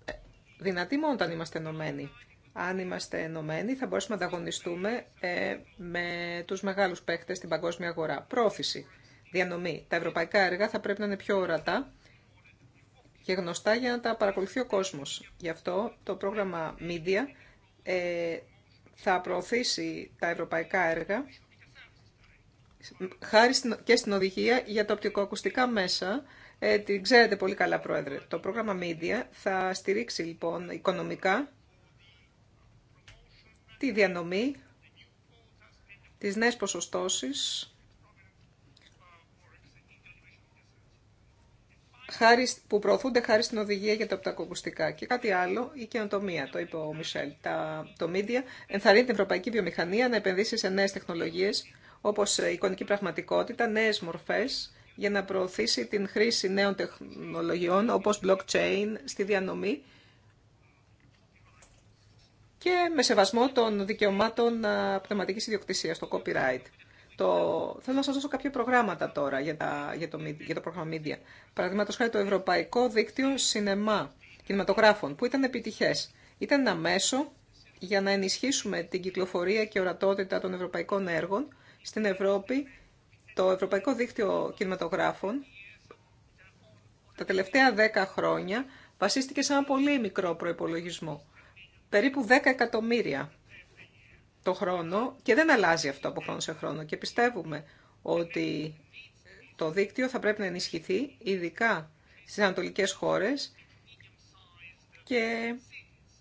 ε, δυνατοί μόνο όταν είμαστε ενωμένοι. Αν είμαστε ενωμένοι θα μπορέσουμε να ανταγωνιστούμε ε, με τους μεγάλους παίχτες στην παγκόσμια αγορά. Πρόθεση, διανομή. Τα ευρωπαϊκά έργα θα πρέπει να είναι πιο ορατά και γνωστά για να τα παρακολουθεί ο κόσμο. Γι' αυτό το πρόγραμμα Media ε, θα προωθήσει τα ευρωπαϊκά έργα χάρη και στην οδηγία για τα οπτικοακουστικά μέσα. Ε, την ξέρετε πολύ καλά, Πρόεδρε. Το πρόγραμμα Media θα στηρίξει λοιπόν οικονομικά τη διανομή, τις νέες ποσοστώσεις χάρη, που προωθούνται χάρη στην οδηγία για τα οπτακοακουστικά. Και κάτι άλλο, η καινοτομία, το είπε ο Μισελ. Τα, το media ενθαρρύνει την ευρωπαϊκή βιομηχανία να επενδύσει σε νέε τεχνολογίε, όπω ε, εικονική πραγματικότητα, νέε μορφέ, για να προωθήσει την χρήση νέων τεχνολογιών, όπως blockchain, στη διανομή και με σεβασμό των δικαιωμάτων ε, πνευματικής ιδιοκτησίας, το copyright. Το... Θέλω να σας δώσω κάποια προγράμματα τώρα για, το... για το πρόγραμμα Media. Παραδείγματος χάρη το Ευρωπαϊκό Δίκτυο Σινεμά Κινηματογράφων, που ήταν επιτυχές. Ήταν ένα μέσο για να ενισχύσουμε την κυκλοφορία και ορατότητα των ευρωπαϊκών έργων στην Ευρώπη. Το Ευρωπαϊκό Δίκτυο Κινηματογράφων τα τελευταία δέκα χρόνια βασίστηκε σε ένα πολύ μικρό προϋπολογισμό. Περίπου 10 εκατομμύρια το χρόνο και δεν αλλάζει αυτό από χρόνο σε χρόνο και πιστεύουμε ότι το δίκτυο θα πρέπει να ενισχυθεί ειδικά στις ανατολικές χώρες και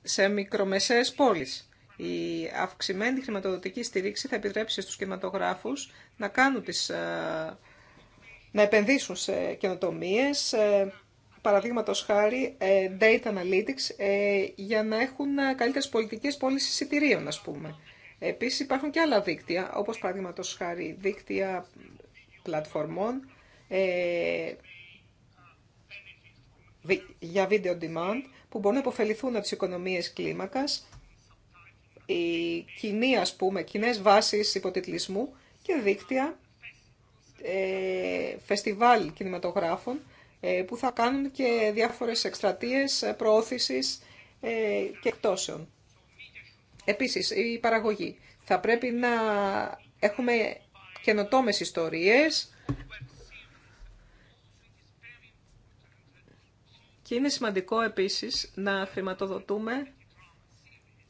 σε μικρομεσαίες πόλεις. Η αυξημένη χρηματοδοτική στηρίξη θα επιτρέψει στους κινηματογράφους να κάνουν τις, ε, να επενδύσουν σε καινοτομίες, ε, παραδείγματο χάρη ε, data analytics, για να έχουν καλύτερες πολιτικές πώληση εισιτηρίων, ας πούμε. Επίσης υπάρχουν και άλλα δίκτυα, όπως παραδείγματο χάρη δίκτυα πλατφορμών ε, για video demand που μπορούν να υποφεληθούν από τις οικονομίες κλίμακας, οι κοινοί, ας πούμε, κοινέ βάσεις υποτιτλισμού και δίκτυα ε, φεστιβάλ κινηματογράφων ε, που θα κάνουν και διάφορες εκστρατείες προώθησης ε, και εκτόσεων. Επίσης, η παραγωγή. Θα πρέπει να έχουμε καινοτόμες ιστορίες και είναι σημαντικό επίσης να χρηματοδοτούμε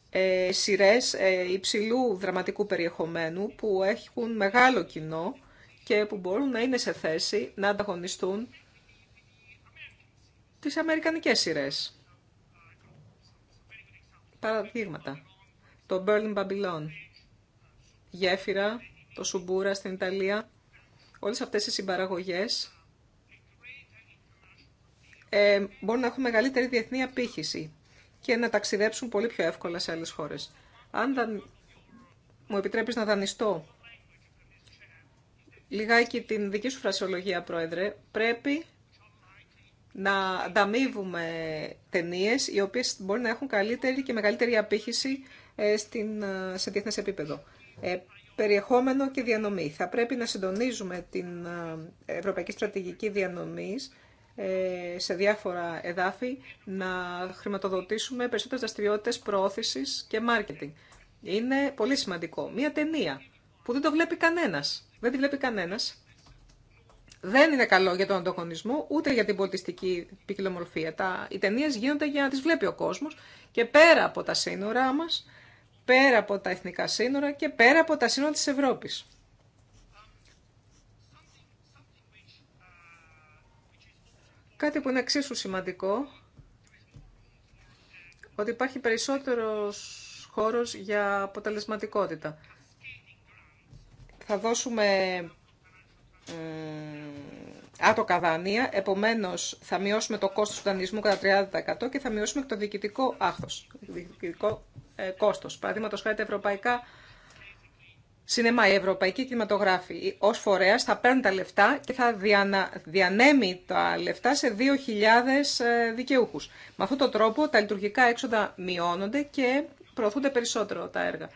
ε, σειρές ε, υψηλού δραματικού περιεχομένου που έχουν μεγάλο κοινό και που μπορούν να είναι σε θέση να ανταγωνιστούν τις αμερικανικές σειρές. Παραδείγματα το Berlin Babylon, γέφυρα, το Σουμπούρα στην Ιταλία, όλες αυτές οι συμπαραγωγές ε, μπορούν να έχουν μεγαλύτερη διεθνή απήχηση και να ταξιδέψουν πολύ πιο εύκολα σε άλλες χώρες. Αν μου επιτρέπεις να δανειστώ λιγάκι την δική σου φρασιολογία, Πρόεδρε, πρέπει να ανταμείβουμε ταινίε οι οποίες μπορεί να έχουν καλύτερη και μεγαλύτερη απήχηση ε, στην, ε, σε διεθνέ επίπεδο. Ε, περιεχόμενο και διανομή. Θα πρέπει να συντονίζουμε την Ευρωπαϊκή Στρατηγική Διανομής σε διάφορα εδάφη, να χρηματοδοτήσουμε περισσότερες δραστηριότητε προώθησης και μάρκετινγκ. Είναι πολύ σημαντικό. Μία ταινία που δεν το βλέπει κανένας. Δεν τη βλέπει κανένας. Δεν είναι καλό για τον ανταγωνισμό, ούτε για την πολιτιστική ποικιλομορφία. Τα, οι ταινίε γίνονται για να τις βλέπει ο κόσμος και πέρα από τα σύνορά μας πέρα από τα εθνικά σύνορα και πέρα από τα σύνορα της Ευρώπης. Κάτι που είναι εξίσου σημαντικό, ότι υπάρχει περισσότερος χώρος για αποτελεσματικότητα. Θα δώσουμε ε, άτοκα δάνεια, επομένως θα μειώσουμε το κόστος του δανεισμού κατά 30% και θα μειώσουμε και το διοικητικό άχθο. διοικητικό ε, κόστος. Παραδείγματο χάρη τα ευρωπαϊκά σινεμά, η ευρωπαϊκή κινηματογράφη Ω φορέας θα παίρνει τα λεφτά και θα διανέμει τα λεφτά σε 2.000 ε, δικαιούχου. Με αυτόν τον τρόπο τα λειτουργικά έξοδα μειώνονται και προωθούνται περισσότερο τα έργα.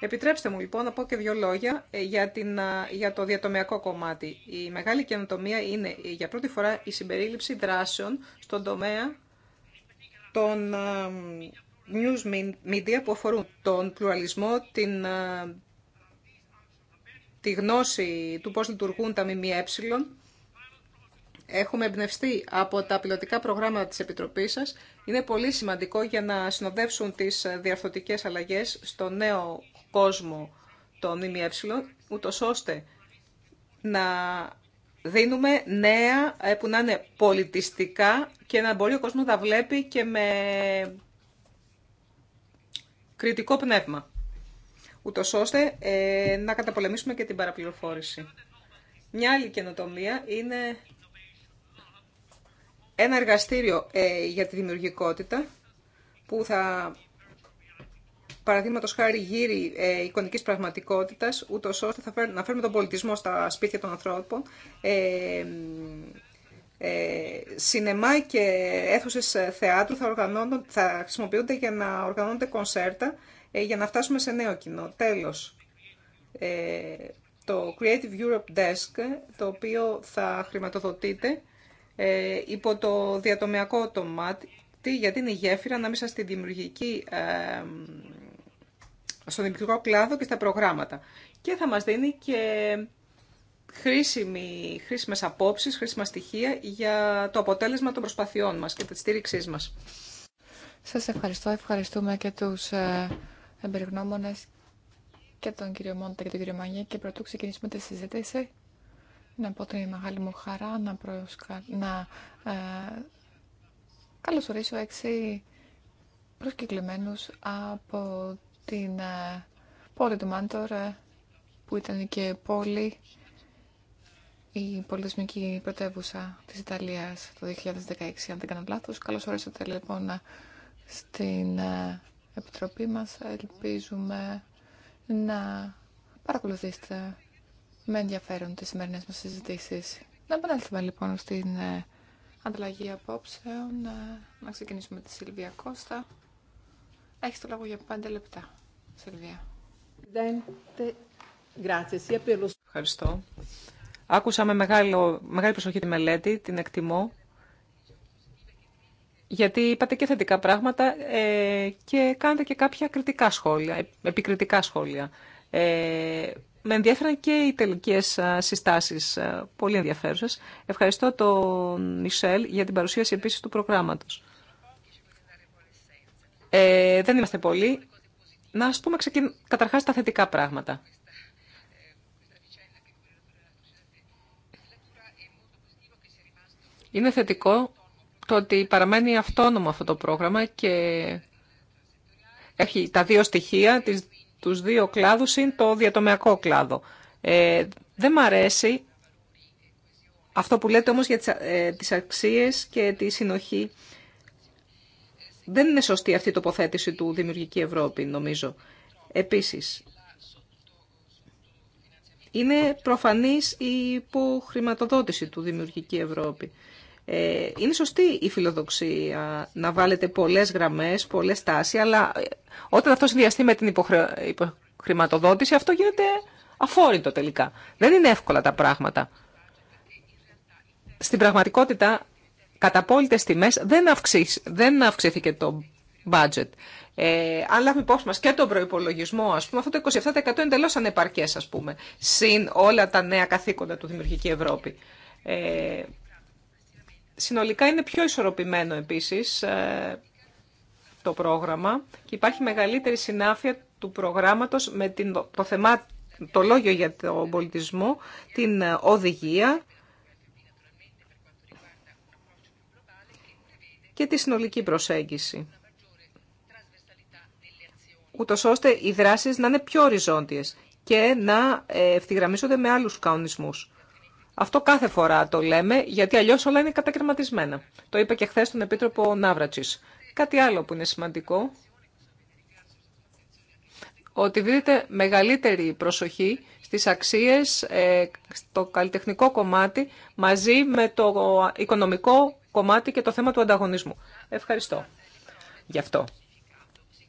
Επιτρέψτε μου λοιπόν να πω και δύο λόγια ε, για, την, για το διατομιακό κομμάτι. Η μεγάλη καινοτομία είναι ε, για πρώτη φορά η συμπερίληψη δράσεων στον τομέα των news media που αφορούν τον πλουραλισμό, την, τη γνώση του πώς λειτουργούν τα ΜΜΕ. Έχουμε εμπνευστεί από τα πιλωτικά προγράμματα της Επιτροπής σας. Είναι πολύ σημαντικό για να συνοδεύσουν τις διαρθωτικές αλλαγές στο νέο κόσμο το ΜΜΕ, ούτω ώστε να δίνουμε νέα ε, που να είναι πολιτιστικά και να μπορεί ο κόσμος να τα βλέπει και με κριτικό πνεύμα, ούτω ώστε ε, να καταπολεμήσουμε και την παραπληροφόρηση. Μια άλλη καινοτομία είναι ένα εργαστήριο ε, για τη δημιουργικότητα που θα Παραδείγματο χάρη γύρι ε, εικονικής πραγματικότητας, ούτως ώστε θα να φέρουμε τον πολιτισμό στα σπίτια των ανθρώπων, ε, ε, σινεμά και αίθουσε θεάτρου θα, θα χρησιμοποιούνται για να οργανώνονται κονσέρτα ε, για να φτάσουμε σε νέο κοινό. Τέλος, ε, το Creative Europe Desk, το οποίο θα χρηματοδοτείται ε, υπό το διατομιακό τομάτι, γιατί είναι η γέφυρα ανάμεσα στην δημιουργική ε, στον δημιουργικό κλάδο και στα προγράμματα. Και θα μας δίνει και χρήσιμη, χρήσιμες απόψεις, χρήσιμα στοιχεία για το αποτέλεσμα των προσπαθειών μας και τη στήριξής μας. Σας ευχαριστώ. Ευχαριστούμε και τους ε, εμπεριγνώμονες και τον κύριο Μόντα και τον κύριο Μαγιέ και πρωτού ξεκινήσουμε τη συζήτηση. Να πω την μεγάλη μου χαρά να, προσκα... να ε, καλωσορίσω έξι προσκεκλημένους από την ε, πόλη του Μάντορ, ε, που ήταν και πόλη, η πολιτισμική πρωτεύουσα της Ιταλίας το 2016, αν δεν κάνω λάθος. Καλώς ορίσατε λοιπόν στην ε, Επιτροπή μας. Ελπίζουμε να παρακολουθήσετε με ενδιαφέρον τις σημερινές μας συζητήσεις. Να επανέλθουμε λοιπόν στην ανταλλαγή απόψεων. Να ξεκινήσουμε τη Σιλβία Κώστα. Έχει το λόγο για πέντε λεπτά, Σερβία. Ευχαριστώ. Άκουσα με μεγάλο, μεγάλη προσοχή τη μελέτη, την εκτιμώ. Γιατί είπατε και θετικά πράγματα ε, και κάνετε και κάποια κριτικά σχόλια, ε, επικριτικά σχόλια. Ε, με ενδιαφέραν και οι τελικές ε, συστάσεις, ε, πολύ ενδιαφέρουσες. Ευχαριστώ τον Μισελ για την παρουσίαση επίσης του προγράμματος. Ε, δεν είμαστε πολλοί. Να ας πούμε ξεκιν... καταρχάς τα θετικά πράγματα. Είναι θετικό το ότι παραμένει αυτόνομο αυτό το πρόγραμμα και έχει τα δύο στοιχεία, τις, τους δύο κλάδους, είναι το διατομιακό κλάδο. Ε, δεν μ' αρέσει αυτό που λέτε όμως για τις, ε, τις αξίες και τη συνοχή δεν είναι σωστή αυτή η τοποθέτηση του Δημιουργική Ευρώπη, νομίζω. Επίσης, είναι προφανής η υποχρηματοδότηση του Δημιουργική Ευρώπη. Ε, είναι σωστή η φιλοδοξία να βάλετε πολλές γραμμές, πολλές τάσεις, αλλά ε, όταν αυτό συνδυαστεί με την υποχρηματοδότηση, αυτό γίνεται αφόρητο τελικά. Δεν είναι εύκολα τα πράγματα. Στην πραγματικότητα, κατά απόλυτες τιμές δεν, δεν αυξήθηκε το budget. Ε, αν λάβουμε υπόψη μας και τον προϋπολογισμό, ας πούμε, αυτό το 27% είναι τελώς ανεπαρκές, ας πούμε, συν όλα τα νέα καθήκοντα του Δημιουργική Ευρώπη. Ε, συνολικά είναι πιο ισορροπημένο επίσης ε, το πρόγραμμα και υπάρχει μεγαλύτερη συνάφεια του προγράμματος με την, το, θεμά, το λόγιο για τον πολιτισμό, την ε, οδηγία και τη συνολική προσέγγιση. Ούτω ώστε οι δράσεις να είναι πιο οριζόντιες και να ε, ευθυγραμμίζονται με άλλους κανονισμούς. Αυτό κάθε φορά το λέμε, γιατί αλλιώς όλα είναι κατακαιρματισμένα. Το είπα και χθε στον Επίτροπο Ναύρατσης. Κάτι άλλο που είναι σημαντικό, ότι δίδεται μεγαλύτερη προσοχή στις αξίες, ε, στο καλλιτεχνικό κομμάτι, μαζί με το οικονομικό κομμάτι και το θέμα του ανταγωνισμού. Ευχαριστώ γι' αυτό.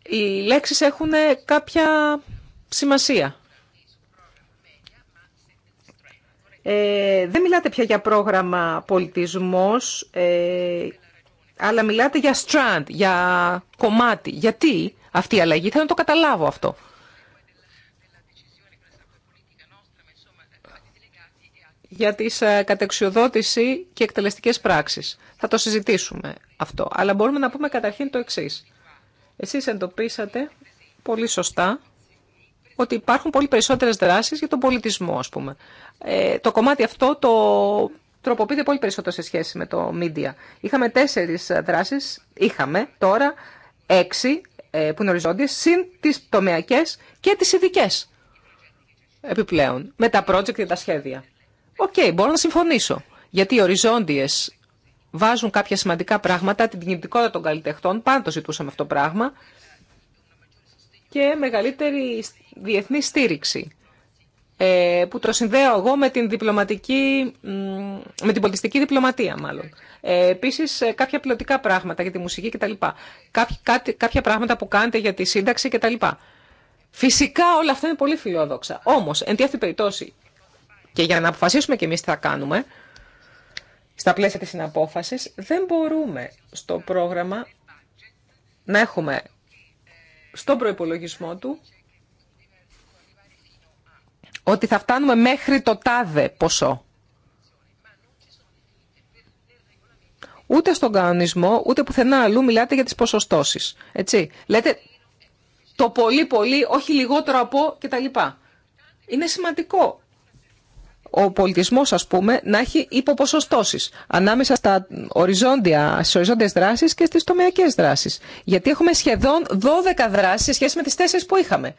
Οι λέξεις έχουν κάποια σημασία. Ε, δεν μιλάτε πια για πρόγραμμα πολιτισμός, ε, αλλά μιλάτε για strand, για κομμάτι. Γιατί αυτή η αλλαγή, θέλω να το καταλάβω αυτό. για τις ε, κατεξιοδότηση και εκτελεστικές πράξεις. Θα το συζητήσουμε αυτό. Αλλά μπορούμε να πούμε καταρχήν το εξής. Εσείς εντοπίσατε πολύ σωστά ότι υπάρχουν πολύ περισσότερες δράσεις για τον πολιτισμό, ας πούμε. Ε, το κομμάτι αυτό το τροποποιείται πολύ περισσότερο σε σχέση με το media. Είχαμε τέσσερις δράσεις, είχαμε τώρα έξι ε, που είναι οριζόντιες, συν τις τομεακές και τις ειδικέ επιπλέον, με τα project και τα σχέδια. Οκ, okay, μπορώ να συμφωνήσω. Γιατί οι οριζόντιε βάζουν κάποια σημαντικά πράγματα, την κινητικότητα των καλλιτεχτών, πάντα το ζητούσαμε αυτό το πράγμα, και μεγαλύτερη διεθνή στήριξη ε, που το συνδέω εγώ με την, διπλωματική, με την πολιτιστική διπλωματία μάλλον. Ε, επίσης ε, κάποια πιλωτικά πράγματα για τη μουσική κτλ. Κάποια, κάποια πράγματα που κάνετε για τη σύνταξη κτλ. Φυσικά όλα αυτά είναι πολύ φιλόδοξα. Όμως, εν τη αυτή περιπτώσει, και για να αποφασίσουμε και εμείς τι θα κάνουμε, στα πλαίσια της συναπόφασης, δεν μπορούμε στο πρόγραμμα να έχουμε στον προϋπολογισμό του ότι θα φτάνουμε μέχρι το τάδε ποσό. Ούτε στον κανονισμό, ούτε πουθενά αλλού μιλάτε για τις ποσοστώσεις. Έτσι. Λέτε το πολύ πολύ, όχι λιγότερο από κτλ. Είναι σημαντικό ο πολιτισμό, α πούμε να έχει υποποσοστώσει ανάμεσα στα οριζόντια, στις οριζόντιες δράσεις και στι τομεακές δράσει. Γιατί έχουμε σχεδόν 12 δράσει σε σχέση με τι 4 που είχαμε.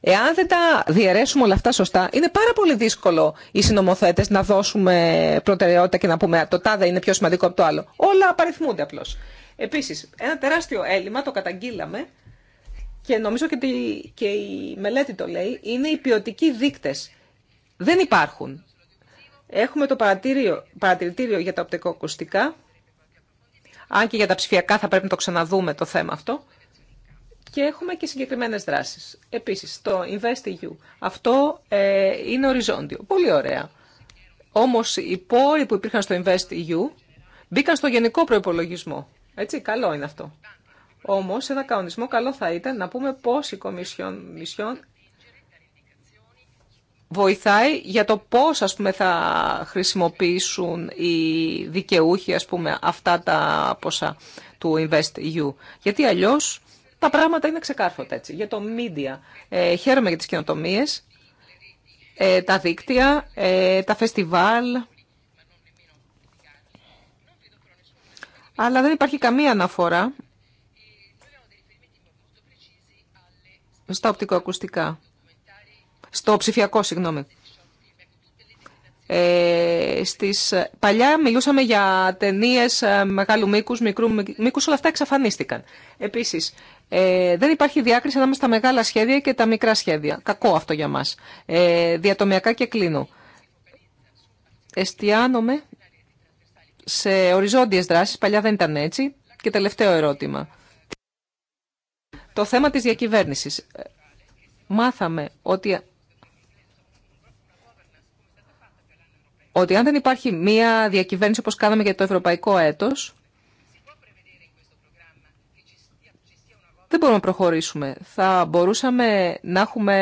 Εάν δεν τα διαιρέσουμε όλα αυτά σωστά, είναι πάρα πολύ δύσκολο οι συνομοθέτε να δώσουμε προτεραιότητα και να πούμε το τάδε είναι πιο σημαντικό από το άλλο. Όλα απαριθμούνται απλώ. Επίση, ένα τεράστιο έλλειμμα, το καταγγείλαμε, και νομίζω και, και η μελέτη το λέει, είναι οι ποιοτικοί δείκτες δεν υπάρχουν. Έχουμε το παρατηρητήριο για τα οπτικοακουστικά, αν και για τα ψηφιακά θα πρέπει να το ξαναδούμε το θέμα αυτό, και έχουμε και συγκεκριμένες δράσεις. Επίσης, το InvestEU, αυτό ε, είναι οριζόντιο. Πολύ ωραία. Όμως οι πόροι που υπήρχαν στο InvestEU μπήκαν στο γενικό προϋπολογισμό. Έτσι, καλό είναι αυτό. Όμως, σε ένα κανονισμό καλό θα ήταν να πούμε πώ η Κομισιόν βοηθάει για το πώς ας πούμε, θα χρησιμοποιήσουν οι δικαιούχοι ας πούμε, αυτά τα ποσά του InvestEU. Γιατί αλλιώς τα πράγματα είναι ξεκάρφωτα έτσι. Για το media ε, χαίρομαι για τις καινοτομίε, ε, τα δίκτυα, ε, τα φεστιβάλ. Αλλά δεν υπάρχει καμία αναφορά στα οπτικοακουστικά στο ψηφιακό, συγγνώμη. Ε, στις, παλιά μιλούσαμε για ταινίε ε, μεγάλου μήκους, μικρού μήκους, όλα αυτά εξαφανίστηκαν. Επίσης, ε, δεν υπάρχει διάκριση ανάμεσα στα μεγάλα σχέδια και τα μικρά σχέδια. Κακό αυτό για μας. Ε, διατομιακά και κλείνω. Εστιάνομαι σε οριζόντιες δράσεις, παλιά δεν ήταν έτσι. Και τελευταίο ερώτημα. Το θέμα της διακυβέρνησης. Ε, μάθαμε ότι ότι αν δεν υπάρχει μία διακυβέρνηση όπως κάναμε για το ευρωπαϊκό έτος, δεν μπορούμε να προχωρήσουμε. Θα μπορούσαμε να έχουμε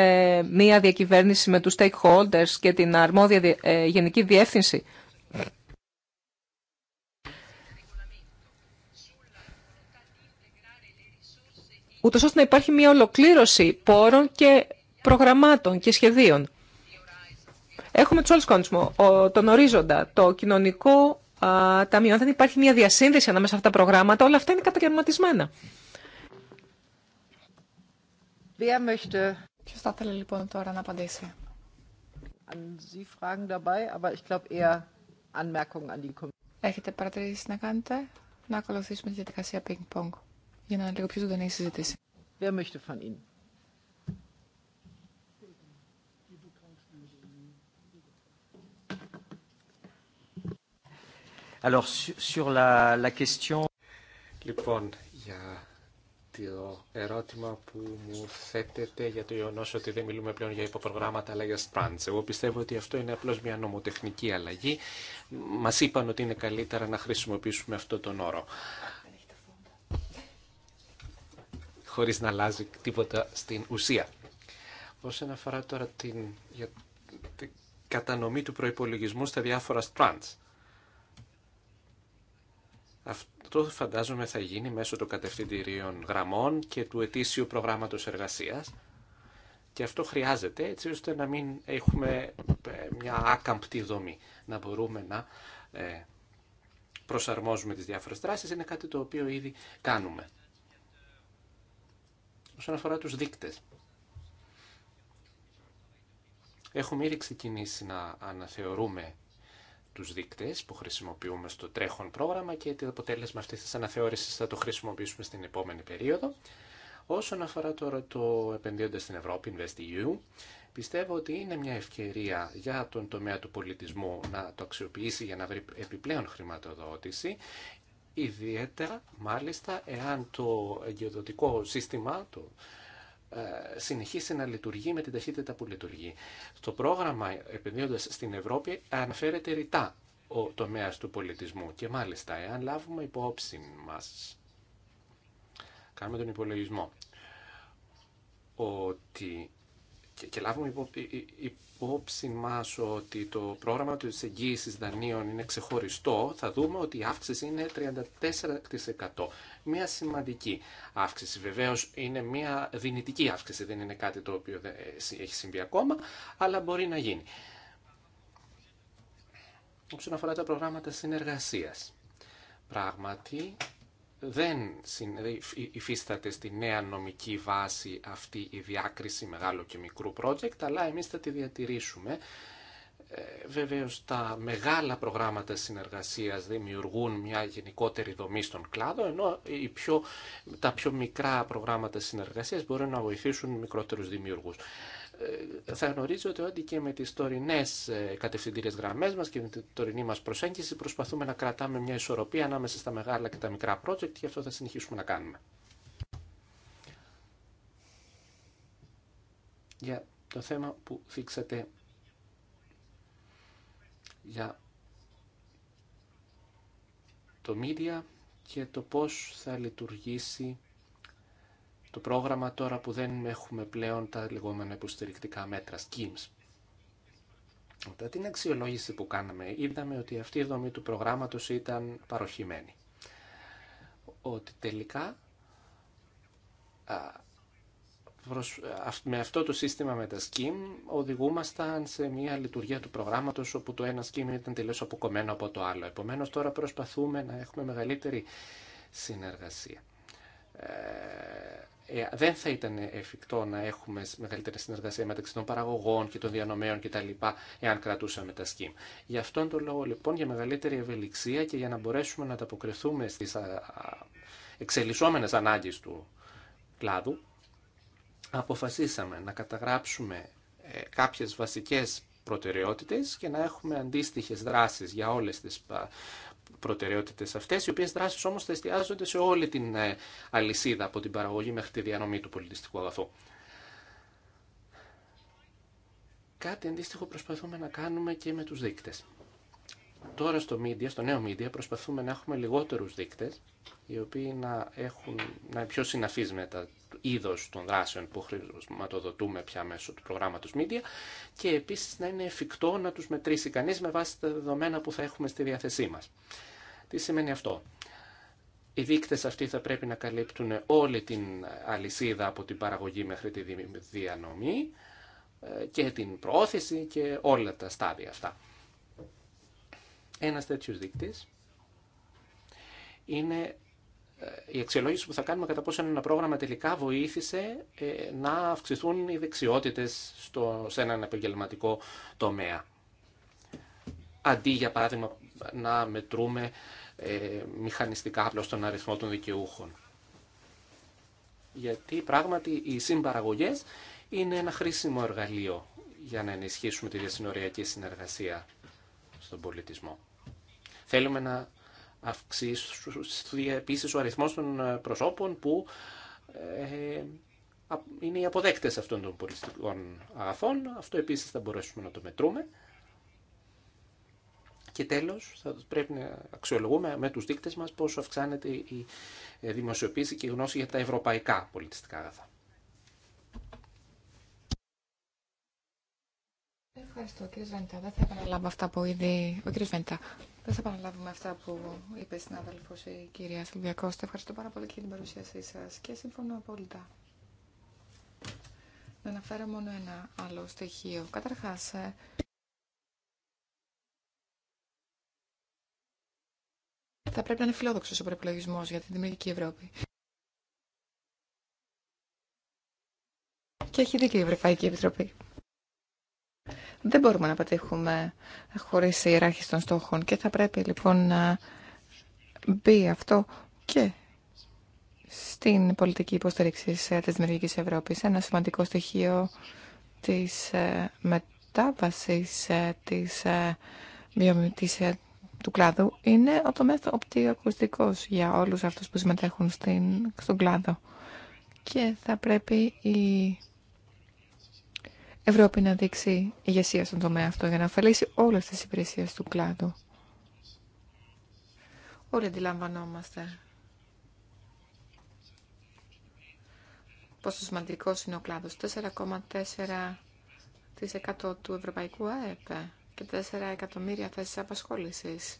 μία διακυβέρνηση με τους stakeholders και την αρμόδια ε, γενική διεύθυνση. Ούτως ώστε να υπάρχει μία ολοκλήρωση πόρων και προγραμμάτων και σχεδίων. Έχουμε του άλλου κόντσμο, τον ορίζοντα, το κοινωνικό α, ταμείο. Δεν υπάρχει μια διασύνδεση ανάμεσα σε αυτά τα προγράμματα. Όλα αυτά είναι καταγερματισμένα. Ποιο θα ήθελε λοιπόν τώρα να απαντήσει. Έχετε παρατηρήσει να κάνετε να ακολουθήσουμε τη διαδικασία ping-pong για να είναι λίγο πιο ζωντανή η συζήτηση. Wer möchte von Ihnen? Λοιπόν, για το ερώτημα που μου θέτεται για το γεγονό ότι δεν μιλούμε πλέον για υποπρογράμματα αλλά για strands. Εγώ πιστεύω ότι αυτό είναι απλώ μια νομοτεχνική αλλαγή. Μα είπαν ότι είναι καλύτερα να χρησιμοποιήσουμε αυτό τον όρο. Χωρίς να αλλάζει τίποτα στην ουσία. Όσον αφορά τώρα την, για, την κατανομή του προϋπολογισμού στα διάφορα strands. Αυτό φαντάζομαι θα γίνει μέσω των κατευθυντηρίων γραμμών και του ετήσιου προγράμματος εργασίας. Και αυτό χρειάζεται έτσι ώστε να μην έχουμε ε, μια άκαμπτη δομή, να μπορούμε να ε, προσαρμόζουμε τις διάφορες δράσεις. Είναι κάτι το οποίο ήδη κάνουμε. Όσον αφορά τους δείκτες. Έχουμε ήδη ξεκινήσει να αναθεωρούμε τους δείκτες που χρησιμοποιούμε στο τρέχον πρόγραμμα και το αποτέλεσμα αυτής της αναθεώρησης θα το χρησιμοποιήσουμε στην επόμενη περίοδο. Όσον αφορά τώρα το επενδύοντα στην Ευρώπη, InvestEU, πιστεύω ότι είναι μια ευκαιρία για τον τομέα του πολιτισμού να το αξιοποιήσει για να βρει επιπλέον χρηματοδότηση. Ιδιαίτερα, μάλιστα, εάν το εγκαιοδοτικό σύστημα, το ε, συνεχίσει να λειτουργεί με την ταχύτητα που λειτουργεί. Στο πρόγραμμα επενδύοντας στην Ευρώπη αναφέρεται ρητά ο τομέας του πολιτισμού και μάλιστα εάν λάβουμε υπόψη μας, κάνουμε τον υπολογισμό, ότι και, και λάβουμε υπόψη μα ότι το πρόγραμμα τη εγγύηση δανείων είναι ξεχωριστό, θα δούμε ότι η αύξηση είναι 34%. Μια σημαντική αύξηση. Βεβαίω είναι μια δυνητική αύξηση, δεν είναι κάτι το οποίο ε, έχει συμβεί ακόμα, αλλά μπορεί να γίνει. Όσον αφορά τα προγράμματα συνεργασίας, πράγματι δεν υφίσταται στη νέα νομική βάση αυτή η διάκριση μεγάλου και μικρού project, αλλά εμείς θα τη διατηρήσουμε. Ε, βεβαίως τα μεγάλα προγράμματα συνεργασίας δημιουργούν μια γενικότερη δομή στον κλάδο, ενώ τα πιο μικρά προγράμματα συνεργασίας μπορούν να βοηθήσουν μικρότερους δημιουργούς. Ε, θα γνωρίζετε ότι και με τι τωρινέ ε, κατευθυντήριες γραμμές μας και με την τωρινή μας προσέγγιση προσπαθούμε να κρατάμε μια ισορροπία ανάμεσα στα μεγάλα και τα μικρά project και αυτό θα συνεχίσουμε να κάνουμε. Για το θέμα που θίξατε για το media και το πώς θα λειτουργήσει το πρόγραμμα τώρα που δεν έχουμε πλέον τα λεγόμενα υποστηρικτικά μέτρα, schemes. Μετά την αξιολόγηση που κάναμε, είδαμε ότι αυτή η δομή του προγράμματος ήταν παροχημένη. Ότι τελικά με αυτό το σύστημα με τα σκιμ οδηγούμασταν σε μια λειτουργία του προγράμματος όπου το ένα σκιμ ήταν τελείως αποκομμένο από το άλλο. Επομένως τώρα προσπαθούμε να έχουμε μεγαλύτερη συνεργασία. Ε, ε, δεν θα ήταν εφικτό να έχουμε μεγαλύτερη συνεργασία μεταξύ των παραγωγών και των διανομέων κτλ. εάν κρατούσαμε τα ΣΚΙΜ. Γι' αυτόν τον λόγο λοιπόν για μεγαλύτερη ευελιξία και για να μπορέσουμε να ανταποκριθούμε στις εξελισσόμενες ανάγκες του κλάδου, αποφασίσαμε να καταγράψουμε ε, κάποιες βασικές προτεραιότητες και να έχουμε αντίστοιχες δράσεις για όλες τις προτεραιότητες αυτές, οι οποίες δράσει όμως θα εστιάζονται σε όλη την ε, αλυσίδα από την παραγωγή μέχρι τη διανομή του πολιτιστικού αγαθού. Κάτι αντίστοιχο προσπαθούμε να κάνουμε και με τους δείκτες. Τώρα στο media, στο νέο media, προσπαθούμε να έχουμε λιγότερους δείκτες, οι οποίοι να, έχουν, να είναι πιο συναφείς με τα είδο των δράσεων που χρηματοδοτούμε πια μέσω του προγράμματος media και επίσης να είναι εφικτό να τους μετρήσει κανείς με βάση τα δεδομένα που θα έχουμε στη διάθεσή μας. Τι σημαίνει αυτό. Οι δείκτες αυτοί θα πρέπει να καλύπτουν όλη την αλυσίδα από την παραγωγή μέχρι τη διανομή ε, και την προώθηση και όλα τα στάδια αυτά. Ένας τέτοιος δείκτης είναι ε, η αξιολόγηση που θα κάνουμε κατά πόσο ένα πρόγραμμα τελικά βοήθησε ε, να αυξηθούν οι δεξιότητες στο, σε έναν επαγγελματικό τομέα. Αντί για παράδειγμα να μετρούμε ε, μηχανιστικά απλώς τον αριθμό των δικαιούχων. Γιατί πράγματι οι συμπαραγωγές είναι ένα χρήσιμο εργαλείο για να ενισχύσουμε τη διασυνοριακή συνεργασία στον πολιτισμό. Θέλουμε να αυξήσουμε επίση ο αριθμό των ε, προσώπων που ε, είναι οι αποδέκτες αυτών των πολιτιστικών αγαθών. Αυτό επίσης θα μπορέσουμε να το μετρούμε. Και τέλος, θα πρέπει να αξιολογούμε με τους δείκτες μας πόσο αυξάνεται η ε, δημοσιοποίηση και η γνώση για τα ευρωπαϊκά πολιτιστικά αγαθά. Ευχαριστώ κύριε Βέντα. Δεν θα επαναλάβω αυτά που ήδη... Ο κύριο δεν θα επαναλάβουμε αυτά που είπε συνάδελφο η κυρία Σιλβία Κώστα. Ευχαριστώ πάρα πολύ και για την παρουσίασή σα και συμφωνώ απόλυτα. Να αναφέρω μόνο ένα άλλο στοιχείο. Καταρχά, ε, θα πρέπει να είναι φιλόδοξο ο προπολογισμό για την δημιουργική Ευρώπη. Και έχει δίκιο η Ευρωπαϊκή Επιτροπή δεν μπορούμε να πετύχουμε χωρίς ιεράρχηση των στόχων και θα πρέπει λοιπόν να μπει αυτό και στην πολιτική υποστήριξη της ε, Δημιουργικής Ευρώπης. Ένα σημαντικό στοιχείο της ε, μετάβασης ε, της, της του κλάδου είναι ο οπτή οπτικοακουστικός για όλους αυτούς που συμμετέχουν στην, στον κλάδο. Και θα πρέπει η Ευρώπη να δείξει ηγεσία στον τομέα αυτό για να αφαλίσει όλες τις υπηρεσίες του κλάδου. Όλοι αντιλαμβανόμαστε πόσο σημαντικό είναι ο κλάδος. 4,4% του ευρωπαϊκού ΑΕΠ και 4 εκατομμύρια θέσεις απασχόλησης.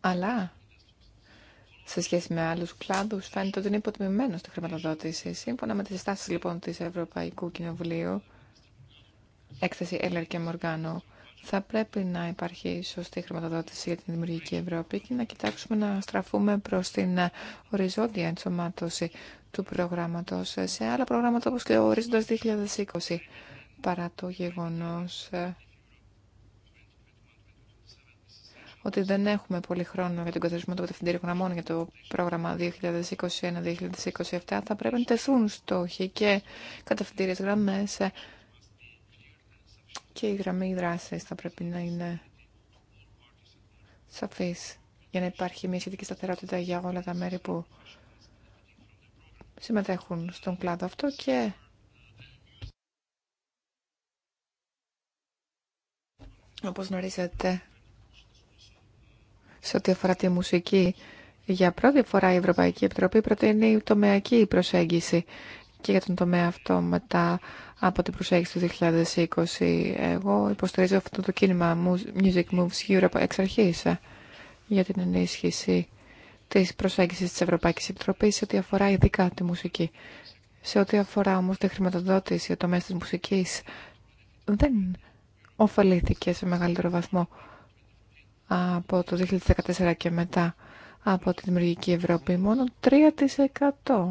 Αλλά σε σχέση με άλλους κλάδους φαίνεται ότι είναι υποτιμημένο στη χρηματοδότηση. Σύμφωνα με τις συστάσεις λοιπόν της Ευρωπαϊκού Κοινοβουλίου, έκθεση Έλερ και Μοργάνο, θα πρέπει να υπάρχει σωστή χρηματοδότηση για την δημιουργική Ευρώπη και να κοιτάξουμε να στραφούμε προς την οριζόντια ενσωμάτωση του προγράμματος σε άλλα προγράμματα όπως και ο ορίζοντας 2020 παρά το γεγονός ότι δεν έχουμε πολύ χρόνο για τον καθορισμό των κατευθυντήριων γραμμών για το πρόγραμμα 2021-2027, θα πρέπει να τεθούν στόχοι και κατευθυντήριες γραμμές ε, και η γραμμή δράση θα πρέπει να είναι σαφής για να υπάρχει μια σχετική σταθερότητα για όλα τα μέρη που συμμετέχουν στον κλάδο αυτό και όπως γνωρίζετε σε ό,τι αφορά τη μουσική. Για πρώτη φορά η Ευρωπαϊκή Επιτροπή προτείνει τομεακή προσέγγιση και για τον τομέα αυτό μετά από την προσέγγιση του 2020. Εγώ υποστηρίζω αυτό το κίνημα Music Moves Europe εξ αρχής ε, για την ενίσχυση της προσέγγισης της Ευρωπαϊκής Επιτροπής σε ό,τι αφορά ειδικά τη μουσική. Σε ό,τι αφορά όμως τη χρηματοδότηση, ο τομέας της μουσικής δεν ωφελήθηκε σε μεγαλύτερο βαθμό από το 2014 και μετά από τη Δημιουργική Ευρώπη. Μόνο 3%.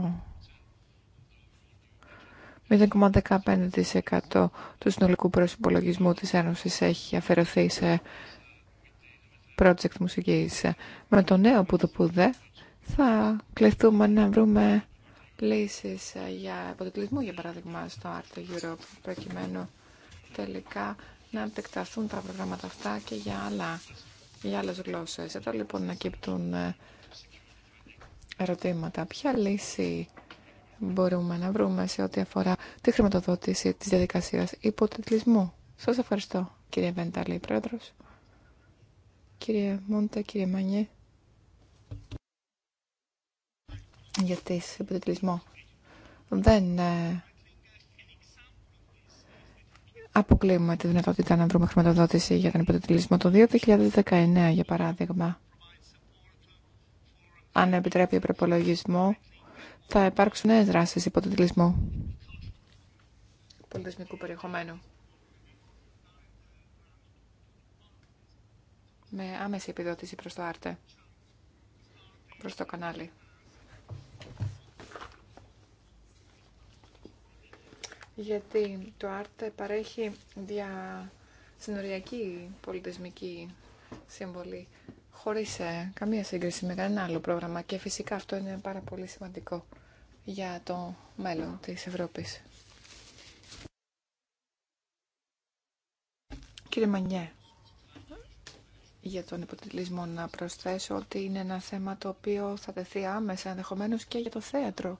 0,15% του συνολικού προσυμπολογισμού της Ένωσης έχει αφαιρεθεί σε project μουσικής. Με το νέο που το θα κληθούμε να βρούμε λύσεις για αποτελεσμό, για παράδειγμα, στο Art Europe, προκειμένου τελικά να επεκταθούν τα προγράμματα αυτά και για άλλα για άλλες γλώσσες. Εδώ λοιπόν να κύπτουν ε, ερωτήματα. Ποια λύση μπορούμε να βρούμε σε ό,τι αφορά τη χρηματοδότηση της διαδικασίας υποτιτλισμού. Σας ευχαριστώ κύριε Βεντάλη, πρόεδρος. Κύριε Μόντα, κύριε Μανιέ. Γιατί, τις υποτιτλισμό. Δεν ε, αποκλείουμε τη δυνατότητα να βρούμε χρηματοδότηση για τον υποτιτλισμό. Το 2019, για παράδειγμα, αν επιτρέπει ο προπολογισμό, θα υπάρξουν νέε δράσει υποτιτλισμού πολιτισμικού περιεχομένου. Με άμεση επιδότηση προς το άρτε, προς το κανάλι. γιατί το ΆΡΤ παρέχει συνοριακή πολιτισμική σύμβολη χωρίς ε, καμία σύγκριση με κανένα άλλο πρόγραμμα και φυσικά αυτό είναι πάρα πολύ σημαντικό για το μέλλον της Ευρώπης. Κύριε Μανιέ, για τον υποτιτλισμό να προσθέσω ότι είναι ένα θέμα το οποίο θα τεθεί άμεσα ενδεχομένω και για το θέατρο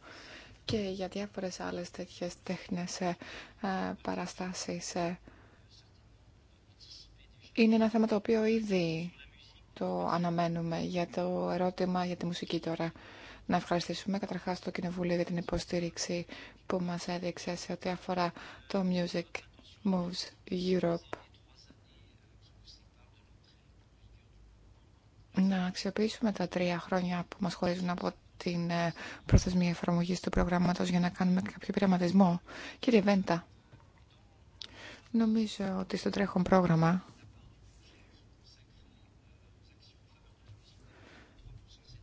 και για διάφορες άλλες τέτοιες τέχνες ε, ε, παραστάσεις. Ε. Είναι ένα θέμα το οποίο ήδη το αναμένουμε για το ερώτημα για τη μουσική τώρα. Να ευχαριστήσουμε καταρχάς το Κοινοβούλιο για την υποστήριξη που μας έδειξε σε ό,τι αφορά το Music Moves Europe. Να αξιοποιήσουμε τα τρία χρόνια που μας χωρίζουν από την ε, προθεσμία εφαρμογής του προγράμματος για να κάνουμε κάποιο πειραματισμό. Κύριε Βέντα, νομίζω ότι στο τρέχον πρόγραμμα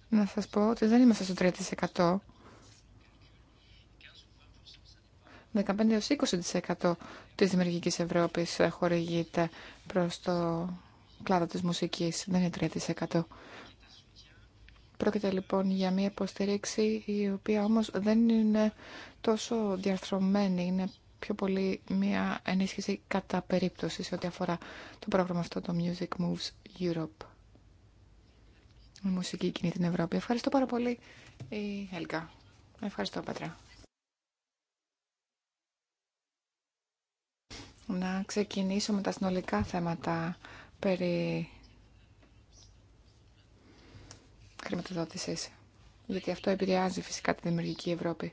να σας πω ότι δεν είμαστε στο 3%. 15-20% της δημιουργικής Ευρώπης χορηγείται προς το κλάδο της μουσικής. Δεν είναι 3%. Πρόκειται λοιπόν για μια υποστήριξη η οποία όμως δεν είναι τόσο διαρθρωμένη, είναι πιο πολύ μια ενίσχυση κατά περίπτωση σε ό,τι αφορά το πρόγραμμα αυτό, το Music Moves Europe. Η μουσική κινεί την Ευρώπη. Ευχαριστώ πάρα πολύ η Ελκά. Ευχαριστώ Πατρά. Να ξεκινήσω με τα συνολικά θέματα περί χρηματοδότηση. Γιατί αυτό επηρεάζει φυσικά τη δημιουργική Ευρώπη.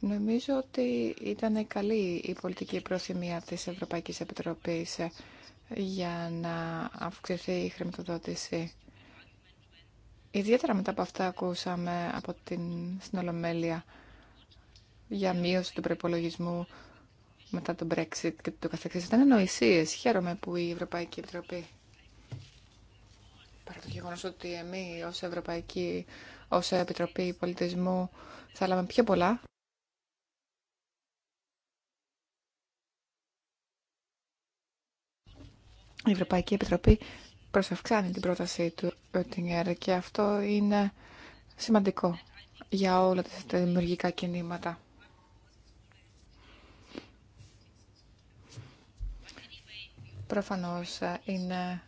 Νομίζω ότι ήταν καλή η πολιτική προθυμία της Ευρωπαϊκής Επιτροπής ε, για να αυξηθεί η χρηματοδότηση. Ιδιαίτερα μετά από αυτά ακούσαμε από την Συνολομέλεια για μείωση του προπολογισμού μετά τον Brexit και το καθεξής. Ήταν ανοησίες. Χαίρομαι που η Ευρωπαϊκή Επιτροπή γεγονός ότι εμείς ως Ευρωπαϊκή, ως Επιτροπή Πολιτισμού θα θέλαμε πιο πολλά. Η Ευρωπαϊκή Επιτροπή προσευξάνει την πρόταση του Οτινγκέρ και αυτό είναι σημαντικό για όλα τα δημιουργικά κινήματα. Προφανώς ε, είναι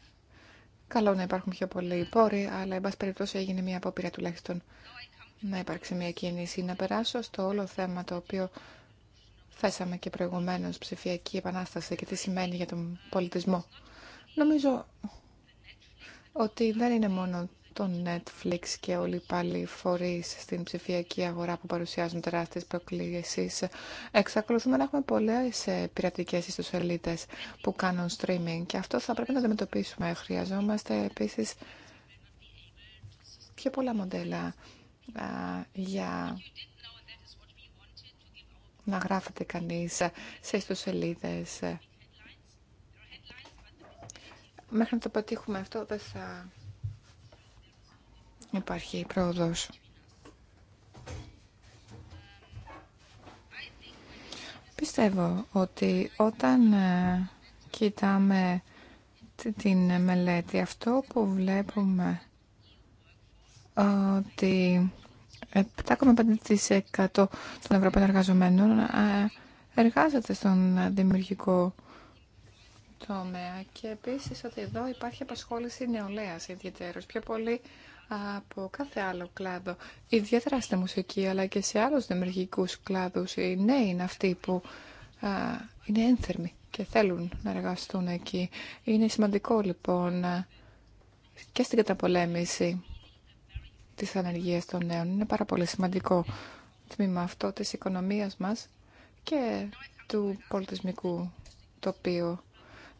Καλό να υπάρχουν πιο πολλοί πόροι, αλλά εν πάση περιπτώσει έγινε μια απόπειρα τουλάχιστον να υπάρξει μια κίνηση. Να περάσω στο όλο θέμα το οποίο θέσαμε και προηγουμένω ψηφιακή επανάσταση και τι σημαίνει για τον πολιτισμό. Νομίζω ότι δεν είναι μόνο το Netflix και όλοι πάλι φορεί φορείς στην ψηφιακή αγορά που παρουσιάζουν τεράστιες προκλήσεις. Εξακολουθούμε να έχουμε πολλές ε, πειρατικές ιστοσελίδες που κάνουν streaming και αυτό θα πρέπει να αντιμετωπίσουμε. Χρειαζόμαστε επίσης πιο πολλά μοντέλα για να γράφεται κανείς σε ιστοσελίδες. Μέχρι να το πετύχουμε αυτό δεν θα υπάρχει πρόοδος. Πιστεύω ότι όταν ε, κοιτάμε την μελέτη, αυτό που βλέπουμε ότι 7,5% ε, των Ευρωπαίων εργαζομένων ε, εργάζεται στον δημιουργικό τομέα και επίσης ότι εδώ υπάρχει απασχόληση νεολαίας ιδιαίτερως. Πιο πολύ από κάθε άλλο κλάδο, ιδιαίτερα στη μουσική αλλά και σε άλλους δημιουργικούς κλάδους. Οι νέοι είναι αυτοί που είναι ένθερμοι και θέλουν να εργαστούν εκεί. Είναι σημαντικό λοιπόν και στην καταπολέμηση της ανεργίας των νέων. Είναι πάρα πολύ σημαντικό τμήμα αυτό της οικονομίας μας και του πολιτισμικού τοπίου.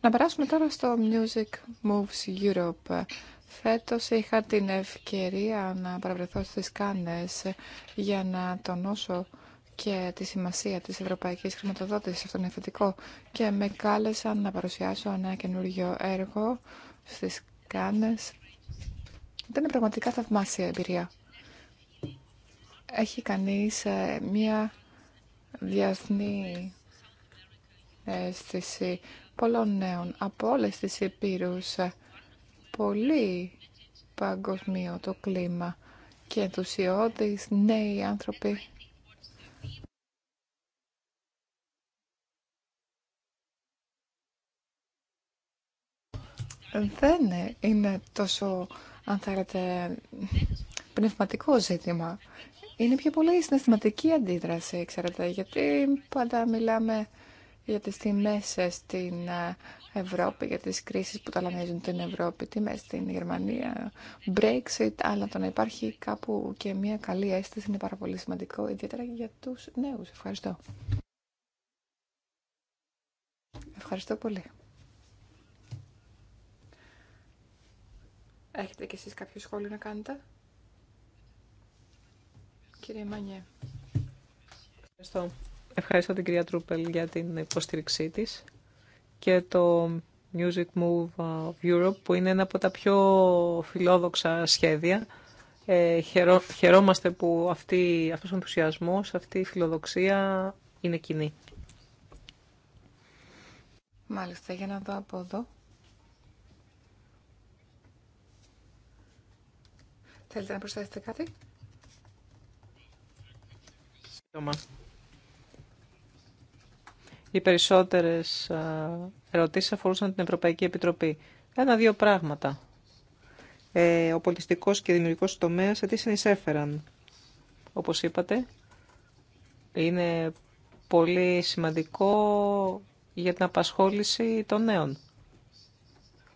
Να περάσουμε τώρα στο Music Moves Europe Φέτος είχα την ευκαιρία να παραβρεθώ στις Κάνες για να τονώσω και τη σημασία της ευρωπαϊκής χρηματοδότησης. Αυτό είναι θετικό. Και με κάλεσαν να παρουσιάσω ένα καινούργιο έργο στις Κάνες. Ήταν πραγματικά θαυμάσια εμπειρία. Έχει κανείς ε, μία διεθνή αίσθηση πολλών νέων από όλες τις υπήρους ε, πολύ παγκοσμίο το κλίμα και ενθουσιώδεις νέοι άνθρωποι δεν είναι τόσο, αν θέλετε, πνευματικό ζήτημα. Είναι πιο πολύ συναισθηματική αντίδραση, ξέρετε, γιατί πάντα μιλάμε για τις τιμές στην Ευρώπη, για τις κρίσεις που ταλανίζουν την Ευρώπη, τι μέσα στην Γερμανία, Brexit, αλλά το να υπάρχει κάπου και μια καλή αίσθηση είναι πάρα πολύ σημαντικό, ιδιαίτερα για τους νέους. Ευχαριστώ. Ευχαριστώ πολύ. Έχετε κι εσείς κάποιο σχόλιο να κάνετε. Κύριε Μανιέ. Ευχαριστώ. Ευχαριστώ την κυρία Τρούπελ για την υποστήριξή της και το Music Move of Europe που είναι ένα από τα πιο φιλόδοξα σχέδια. Ε, χαιρόμαστε που αυτή, αυτός ο ενθουσιασμός, αυτή η φιλοδοξία είναι κοινή. Μάλιστα, για να δω από εδώ. Θέλετε να προσθέσετε κάτι. Οι περισσότερες ερωτήσεις αφορούσαν την Ευρωπαϊκή Επιτροπή. Ένα-δύο πράγματα. Ε, ο πολιτιστικός και δημιουργικός τομέας σε τι συνεισέφεραν. Όπως είπατε, είναι πολύ σημαντικό για την απασχόληση των νέων.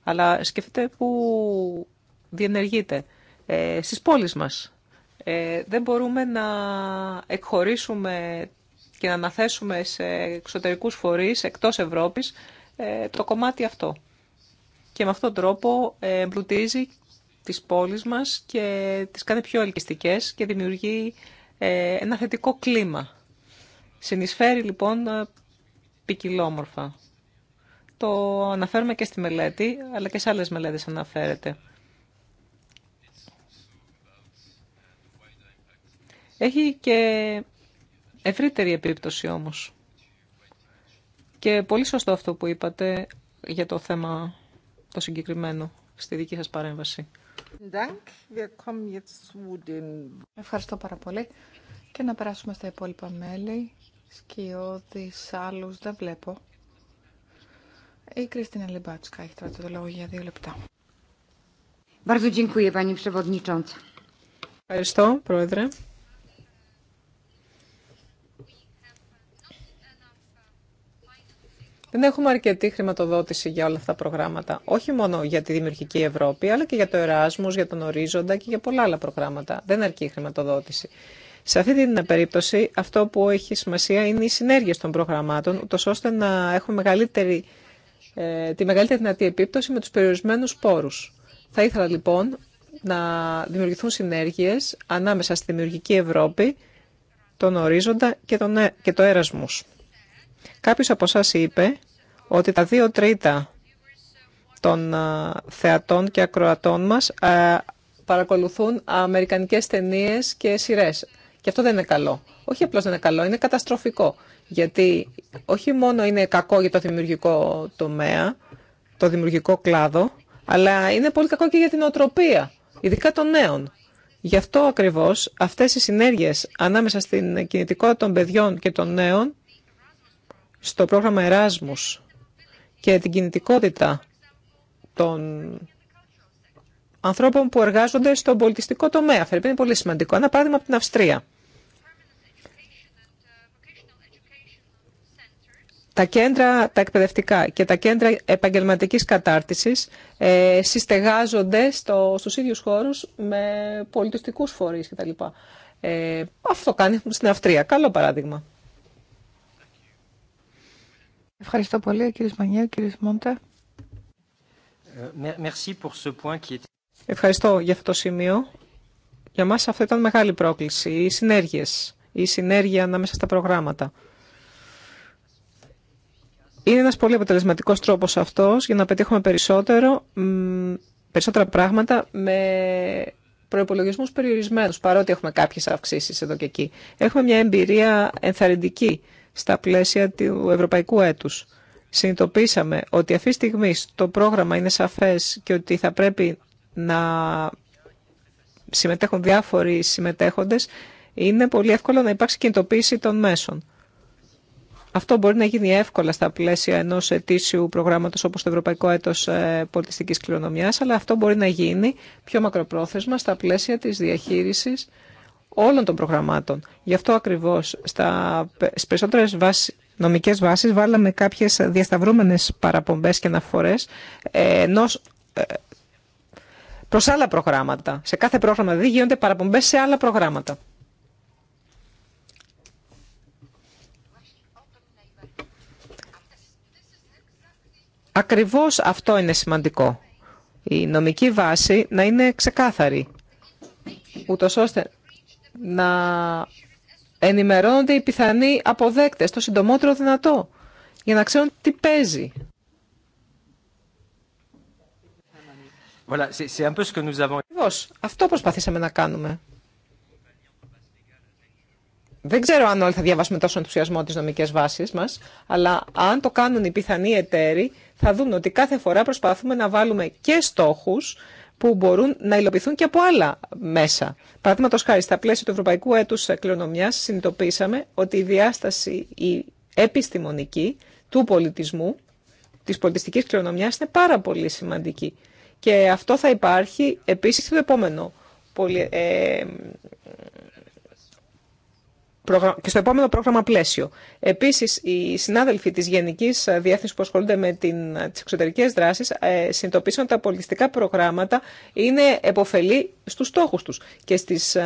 Αλλά σκεφτείτε που διενεργείται. Ε, στις πόλεις μας. Ε, δεν μπορούμε να εκχωρήσουμε και να αναθέσουμε σε εξωτερικούς φορείς εκτός Ευρώπης ε, το κομμάτι αυτό. Και με αυτόν τον τρόπο ε, εμπλουτίζει τις πόλεις μας και τις κάνει πιο ελκυστικές και δημιουργεί ε, ένα θετικό κλίμα. Συνεισφέρει λοιπόν ποικιλόμορφα. Το αναφέρουμε και στη μελέτη, αλλά και σε άλλες μελέτες αναφέρεται. Έχει και ευρύτερη επίπτωση όμως. Και πολύ σωστό αυτό που είπατε για το θέμα το συγκεκριμένο στη δική σας παρέμβαση. Ευχαριστώ πάρα πολύ. Και να περάσουμε στα υπόλοιπα μέλη. Σκιώδης άλλους δεν βλέπω. Η Κριστίνα Λιμπάτσκα έχει τώρα το λόγο για δύο λεπτά. Bardzo dziękuję, Pani Przewodnicząca. Ευχαριστώ, Πρόεδρε. Δεν έχουμε αρκετή χρηματοδότηση για όλα αυτά τα προγράμματα. Όχι μόνο για τη Δημιουργική Ευρώπη, αλλά και για το Εράσμου, για τον Ορίζοντα και για πολλά άλλα προγράμματα. Δεν αρκεί η χρηματοδότηση. Σε αυτή την περίπτωση, αυτό που έχει σημασία είναι οι συνέργειε των προγραμμάτων, ούτω ώστε να έχουμε μεγαλύτερη, ε, τη μεγαλύτερη δυνατή επίπτωση με του περιορισμένου πόρου. Θα ήθελα λοιπόν να δημιουργηθούν συνέργειε ανάμεσα στη Δημιουργική Ευρώπη, τον Ορίζοντα και, τον, ε, και το έρασμό. Κάποιο από εσά είπε ότι τα δύο τρίτα των θεατών και ακροατών μας παρακολουθούν αμερικανικές ταινίες και σειρές. Και αυτό δεν είναι καλό. Όχι απλώς δεν είναι καλό, είναι καταστροφικό. Γιατί όχι μόνο είναι κακό για το δημιουργικό τομέα, το δημιουργικό κλάδο, αλλά είναι πολύ κακό και για την οτροπία, ειδικά των νέων. Γι' αυτό ακριβώς αυτές οι συνέργειες ανάμεσα στην κινητικότητα των παιδιών και των νέων στο πρόγραμμα Εράσμους και την κινητικότητα των ανθρώπων που εργάζονται στον πολιτιστικό τομέα. Φερρυπίν είναι πολύ σημαντικό. Ένα παράδειγμα από την Αυστρία. Τα κέντρα τα εκπαιδευτικά και τα κέντρα επαγγελματικής κατάρτισης ε, συστεγάζονται στο, στους ίδιους χώρους με πολιτιστικούς φορείς κτλ. Ε, αυτό κάνει στην Αυστρία. Καλό παράδειγμα. Ευχαριστώ πολύ, κύριε ο κύριε Μόντε. Ε, Ευχαριστώ για αυτό το σημείο. Για μας αυτό ήταν μεγάλη πρόκληση, οι συνέργειες, η συνέργεια ανάμεσα στα προγράμματα. Είναι ένας πολύ αποτελεσματικός τρόπος αυτός για να πετύχουμε περισσότερο, περισσότερα πράγματα με προπολογισμού περιορισμένους, παρότι έχουμε κάποιες αυξήσεις εδώ και εκεί. Έχουμε μια εμπειρία ενθαρρυντική στα πλαίσια του ευρωπαϊκού έτους. Συνειδητοποίησαμε ότι αυτή τη στιγμή το πρόγραμμα είναι σαφές και ότι θα πρέπει να συμμετέχουν διάφοροι συμμετέχοντες. Είναι πολύ εύκολο να υπάρξει κινητοποίηση των μέσων. Αυτό μπορεί να γίνει εύκολα στα πλαίσια ενό ετήσιου προγράμματο όπω το Ευρωπαϊκό Έτο ε, Πολιτιστική Κληρονομιά, αλλά αυτό μπορεί να γίνει πιο μακροπρόθεσμα στα πλαίσια τη διαχείριση όλων των προγραμμάτων. Γι' αυτό ακριβώς στα, περισσότερε βάσει νομικές βάσεις βάλαμε κάποιες διασταυρούμενες παραπομπές και αναφορές ε, ενώ ε, προς άλλα προγράμματα. Σε κάθε πρόγραμμα δηλαδή γίνονται παραπομπές σε άλλα προγράμματα. Ακριβώς αυτό είναι σημαντικό. Η νομική βάση να είναι ξεκάθαρη, ούτως ώστε να ενημερώνονται οι πιθανοί αποδέκτες το συντομότερο δυνατό για να ξέρουν τι παίζει. Voilà, αυτό προσπαθήσαμε να κάνουμε. Δεν ξέρω αν όλοι θα διαβάσουμε τόσο ενθουσιασμό τις νομικές βάσεις μας, αλλά αν το κάνουν οι πιθανοί εταίροι, θα δουν ότι κάθε φορά προσπαθούμε να βάλουμε και στόχους που μπορούν να υλοποιηθούν και από άλλα μέσα. Παραδείγματο χάρη, στα πλαίσια του Ευρωπαϊκού Έτου Κληρονομιά, συνειδητοποίησαμε ότι η διάσταση η επιστημονική του πολιτισμού, τη πολιτιστική κληρονομιά, είναι πάρα πολύ σημαντική. Και αυτό θα υπάρχει επίση στο επόμενο ε, και στο επόμενο πρόγραμμα πλαίσιο. Επίση, οι συνάδελφοι τη Γενική Διεύθυνση που ασχολούνται με τι εξωτερικέ δράσει ε, συνειδητοποίησαν ότι τα πολιτιστικά προγράμματα είναι επωφελή στου στόχου του. Και στις, ε,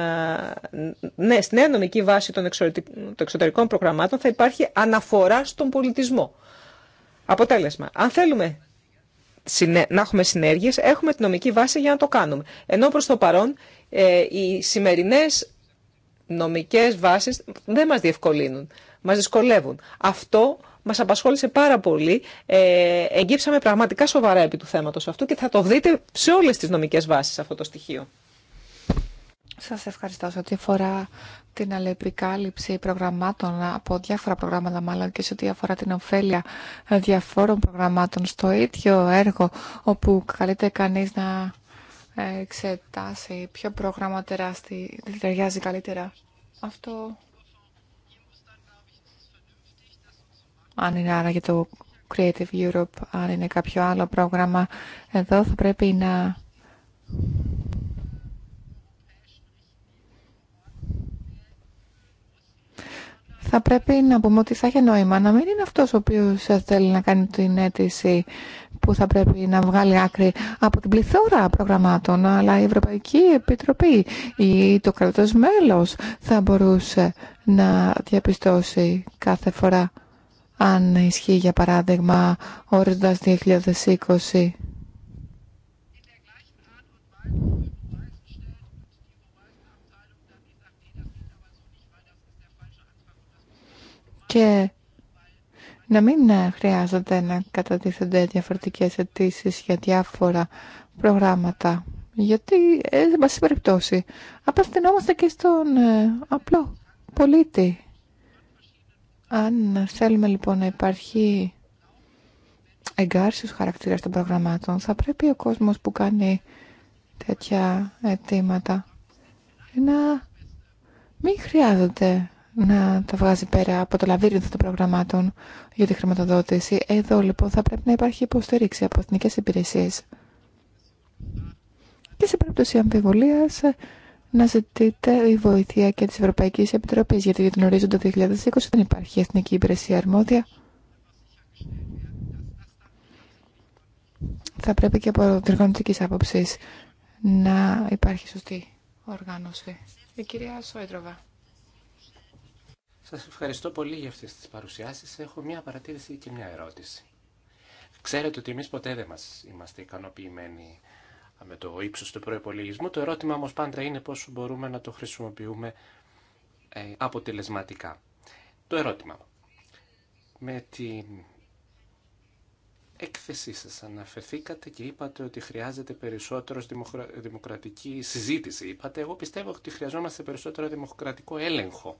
ναι, στην νέα νομική βάση των εξωτερικών προγραμμάτων θα υπάρχει αναφορά στον πολιτισμό. Αποτέλεσμα, αν θέλουμε να έχουμε συνέργειες, έχουμε την νομική βάση για να το κάνουμε. Ενώ προς το παρόν ε, οι σημερινές νομικές βάσεις δεν μας διευκολύνουν, μας δυσκολεύουν. Αυτό μας απασχόλησε πάρα πολύ, ε, εγγύψαμε πραγματικά σοβαρά επί του θέματος αυτού και θα το δείτε σε όλες τις νομικές βάσεις αυτό το στοιχείο. Σας ευχαριστώ σε ό,τι αφορά την αλληλεπικάλυψη προγραμμάτων από διάφορα προγράμματα μάλλον και σε ό,τι αφορά την ωφέλεια διαφόρων προγραμμάτων στο ίδιο έργο όπου καλείται κανείς να εξετάσει ποιο πρόγραμμα τεράστι ταιριάζει καλύτερα. Αυτό αν είναι άρα για το Creative Europe, αν είναι κάποιο άλλο πρόγραμμα, εδώ θα πρέπει να θα πρέπει να πούμε ότι θα έχει νόημα να μην είναι αυτός ο οποίος θέλει να κάνει την αίτηση που θα πρέπει να βγάλει άκρη από την πληθώρα προγραμμάτων, αλλά η Ευρωπαϊκή Επιτροπή ή το κρατός μέλος θα μπορούσε να διαπιστώσει κάθε φορά αν ισχύει για παράδειγμα ορίζοντας 2020. και να μην χρειάζεται να κατατίθενται διαφορετικές αιτήσει για διάφορα προγράμματα. Γιατί, σε πάση περιπτώσει, απευθυνόμαστε και στον ε, απλό πολίτη. Αν θέλουμε λοιπόν να υπάρχει εγκάρσιος χαρακτήρα των προγραμμάτων, θα πρέπει ο κόσμος που κάνει τέτοια αιτήματα να μην χρειάζεται να τα βγάζει πέρα από το λαβύρινθο των προγραμμάτων για τη χρηματοδότηση. Εδώ λοιπόν θα πρέπει να υπάρχει υποστήριξη από εθνικέ υπηρεσίε. Και σε περίπτωση αμφιβολία να ζητείτε η βοήθεια και τη Ευρωπαϊκή Επιτροπή, γιατί για τον ορίζοντα 2020 δεν υπάρχει εθνική υπηρεσία αρμόδια. Θα πρέπει και από διοργανωτική άποψη να υπάρχει σωστή οργάνωση. Η κυρία Σόιτροβα. Σας ευχαριστώ πολύ για αυτές τις παρουσιάσεις. Έχω μια παρατήρηση και μια ερώτηση. Ξέρετε ότι εμείς ποτέ δεν μας είμαστε ικανοποιημένοι με το ύψος του προϋπολογισμού. Το ερώτημα όμως πάντα είναι πώς μπορούμε να το χρησιμοποιούμε ε, αποτελεσματικά. Το ερώτημα. Με την έκθεσή σας αναφερθήκατε και είπατε ότι χρειάζεται περισσότερο δημοκρατική συζήτηση. Είπατε, εγώ πιστεύω ότι χρειαζόμαστε περισσότερο δημοκρατικό έλεγχο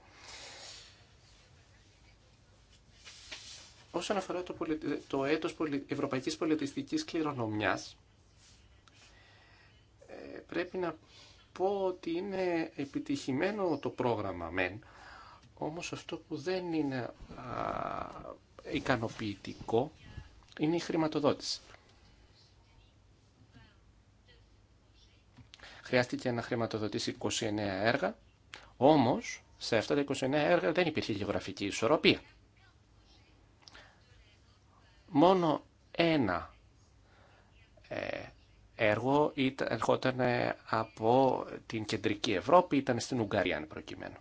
Όσον αφορά το, πολι... το έτος πολι... ευρωπαϊκής πολιτιστικής κληρονομιάς, ε, πρέπει να πω ότι είναι επιτυχημένο το πρόγραμμα μεν, όμως αυτό που δεν είναι ικανοποιητικό είναι η χρηματοδότηση. Χρειάστηκε να χρηματοδοτήσει 29 έργα, όμως σε αυτά τα 29 έργα δεν υπήρχε γεωγραφική ισορροπία μόνο ένα ε, έργο ερχόταν από την κεντρική Ευρώπη, ήταν στην Ουγγαρία προκειμένου.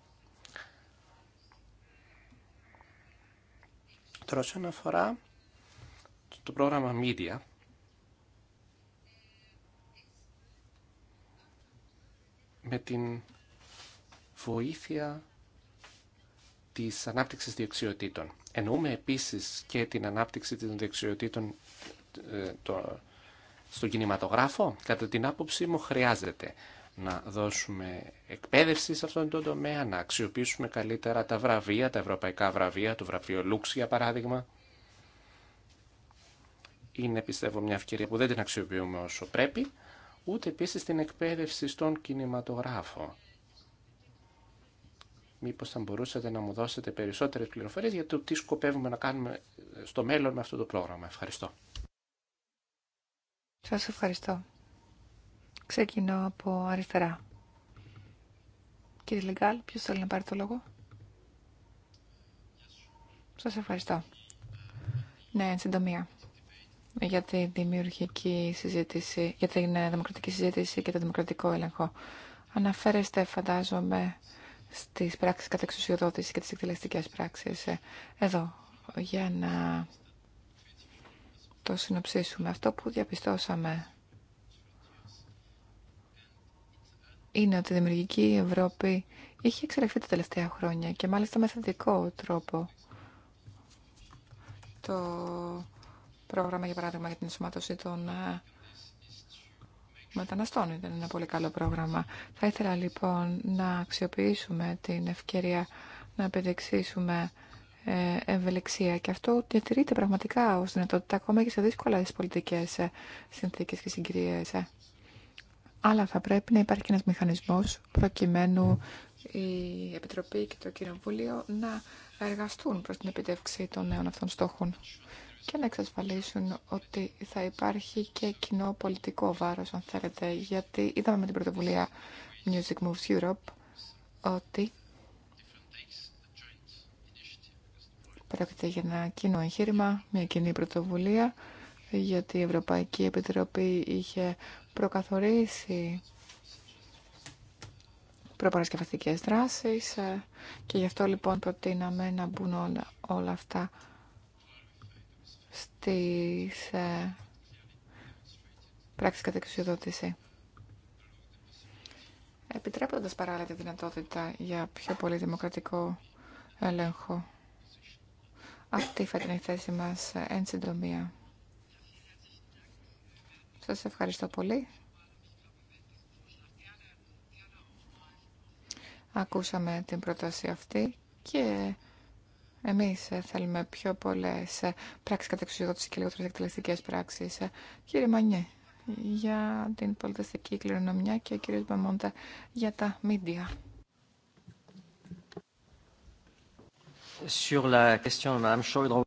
Τώρα όσον αφορά το πρόγραμμα Media, με την βοήθεια της ανάπτυξης διεξιοτήτων. Εννοούμε επίσης και την ανάπτυξη των δεξιοτήτων ε, στον κινηματογράφο. Κατά την άποψή μου χρειάζεται να δώσουμε εκπαίδευση σε αυτόν τον τομέα, να αξιοποιήσουμε καλύτερα τα βραβεία, τα ευρωπαϊκά βραβεία, το βραβείο Λούξ για παράδειγμα. Είναι πιστεύω μια ευκαιρία που δεν την αξιοποιούμε όσο πρέπει, ούτε επίσης την εκπαίδευση στον κινηματογράφο. Μήπως θα μπορούσατε να μου δώσετε περισσότερες πληροφορίες για το τι σκοπεύουμε να κάνουμε στο μέλλον με αυτό το πρόγραμμα. Ευχαριστώ. Σας ευχαριστώ. Ξεκινώ από αριστερά. Κύριε Λεγκάλ, ποιος θέλει να πάρει το λόγο. Σας ευχαριστώ. Ναι, εν συντομία. Για τη δημιουργική συζήτηση, για την ε, δημοκρατική συζήτηση και το δημοκρατικό έλεγχο. Αναφέρεστε, φαντάζομαι, στις πράξεις κατά εξουσιοδότηση και τις εκτελεστικές πράξεις. Ε, εδώ, για να το συνοψίσουμε. Αυτό που διαπιστώσαμε είναι ότι η Δημιουργική Ευρώπη είχε εξελιχθεί τα τελευταία χρόνια και μάλιστα με θετικό τρόπο. Το πρόγραμμα, για παράδειγμα, για την ενσωμάτωση των ε, μεταναστών. Ήταν ένα πολύ καλό πρόγραμμα. Θα ήθελα λοιπόν να αξιοποιήσουμε την ευκαιρία να επιδεξίσουμε ε, ευελιξία και αυτό διατηρείται πραγματικά ως δυνατότητα ακόμα και σε δύσκολες πολιτικές ε, συνθήκες και συγκυρίες. Ε. Αλλά θα πρέπει να υπάρχει ένας μηχανισμός προκειμένου η Επιτροπή και το Κοινοβούλιο να εργαστούν προς την επιτεύξη των νέων αυτών στόχων και να εξασφαλίσουν ότι θα υπάρχει και κοινό πολιτικό βάρος, αν θέλετε, γιατί είδαμε με την πρωτοβουλία Music Moves Europe ότι πρόκειται για ένα κοινό εγχείρημα, μια κοινή πρωτοβουλία, γιατί η Ευρωπαϊκή Επιτροπή είχε προκαθορίσει προπαρασκευαστικές δράσεις ε, και γι' αυτό λοιπόν προτείναμε να μπουν όλα αυτά στις ε, πράξεις κατά εξουσιοδότηση. Επιτρέποντας παράλληλα τη δυνατότητα για πιο πολύ δημοκρατικό έλεγχο. Αυτή θα ήταν η θέση μας ε, εν συντομία. Σας ευχαριστώ πολύ. Ακούσαμε την πρόταση αυτή και Εμεί ε, θέλουμε πιο πολλές ε, πράξεις κατεξουσιοδότηση και λιγότερε εκτελεστικέ πράξει. Ε, κύριε Μανιέ, για την πολιτιστική κληρονομιά και ο κύριο Μπαμόντα για τα μίντια. Sur la question,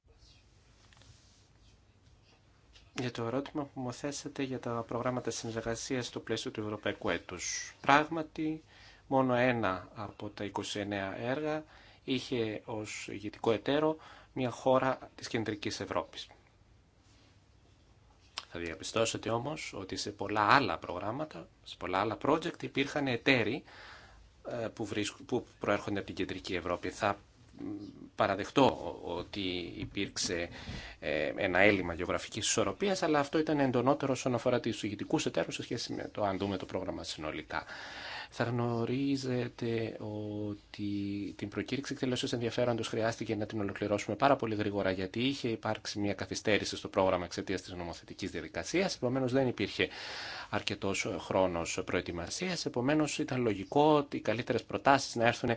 για το ερώτημα που μου θέσατε για τα προγράμματα συνεργασία στο πλαίσιο του Ευρωπαϊκού Έτου. Πράγματι, μόνο ένα από τα 29 έργα είχε ως ηγετικό εταίρο μια χώρα της κεντρικής Ευρώπης. Θα διαπιστώσετε όμως ότι σε πολλά άλλα προγράμματα, σε πολλά άλλα project υπήρχαν εταίροι ε, που, που προέρχονται από την κεντρική Ευρώπη. Θα παραδεχτώ ότι υπήρξε ε, ένα έλλειμμα γεωγραφικής ισορροπίας, αλλά αυτό ήταν εντονότερο όσον αφορά τις ηγητικούς εταίρους σε σχέση με το αν δούμε το πρόγραμμα συνολικά. Θα γνωρίζετε ότι την προκήρυξη εκτελέσεως ενδιαφέροντος χρειάστηκε να την ολοκληρώσουμε πάρα πολύ γρήγορα γιατί είχε υπάρξει μια καθυστέρηση στο πρόγραμμα εξαιτία της νομοθετικής διαδικασίας, επομένως δεν υπήρχε αρκετός χρόνος προετοιμασίας, επομένως ήταν λογικό ότι οι καλύτερες προτάσεις να έρθουν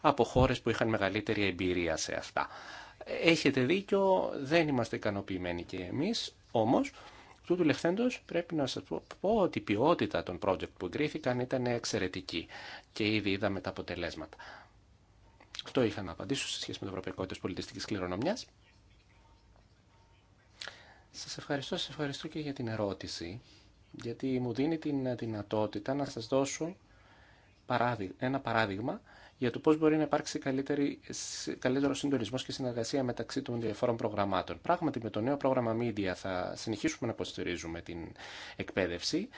από χώρες που είχαν μεγαλύτερη εμπειρία σε αυτά. Έχετε δίκιο, δεν είμαστε ικανοποιημένοι και εμείς, όμως του λεχθέντος πρέπει να σας πω, ότι η ποιότητα των project που εγκρίθηκαν ήταν εξαιρετική και ήδη είδαμε τα αποτελέσματα. Αυτό είχα να απαντήσω σε σχέση με το Ευρωπαϊκό της Πολιτιστικής Κληρονομιάς. Σας ευχαριστώ, σας ευχαριστώ και για την ερώτηση, γιατί μου δίνει την δυνατότητα να σας δώσω ένα παράδειγμα για το πώς μπορεί να υπάρξει καλύτερο συντονισμός και συνεργασία μεταξύ των διαφόρων προγραμμάτων. Πράγματι με το νέο πρόγραμμα Media θα συνεχίσουμε να υποστηρίζουμε την εκπαίδευση.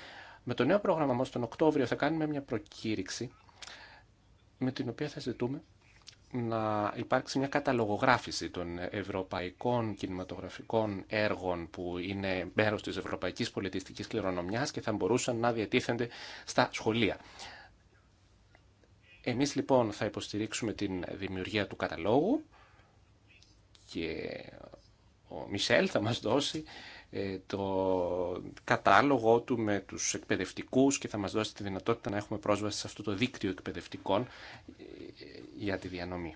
Με το νέο πρόγραμμα μας τον Οκτώβριο θα κάνουμε μια προκήρυξη με την οποία θα ζητούμε να υπάρξει μια καταλογογράφηση των ευρωπαϊκών κινηματογραφικών έργων που είναι μέρος της ευρωπαϊκής πολιτιστικής κληρονομιάς και θα μπορούσαν να διατίθενται στα σχολεία. Εμείς λοιπόν θα υποστηρίξουμε την δημιουργία του καταλόγου και ο Μισελ θα μας δώσει ε, το κατάλογο του με τους εκπαιδευτικούς και θα μας δώσει τη δυνατότητα να έχουμε πρόσβαση σε αυτό το δίκτυο εκπαιδευτικών ε, για τη διανομή.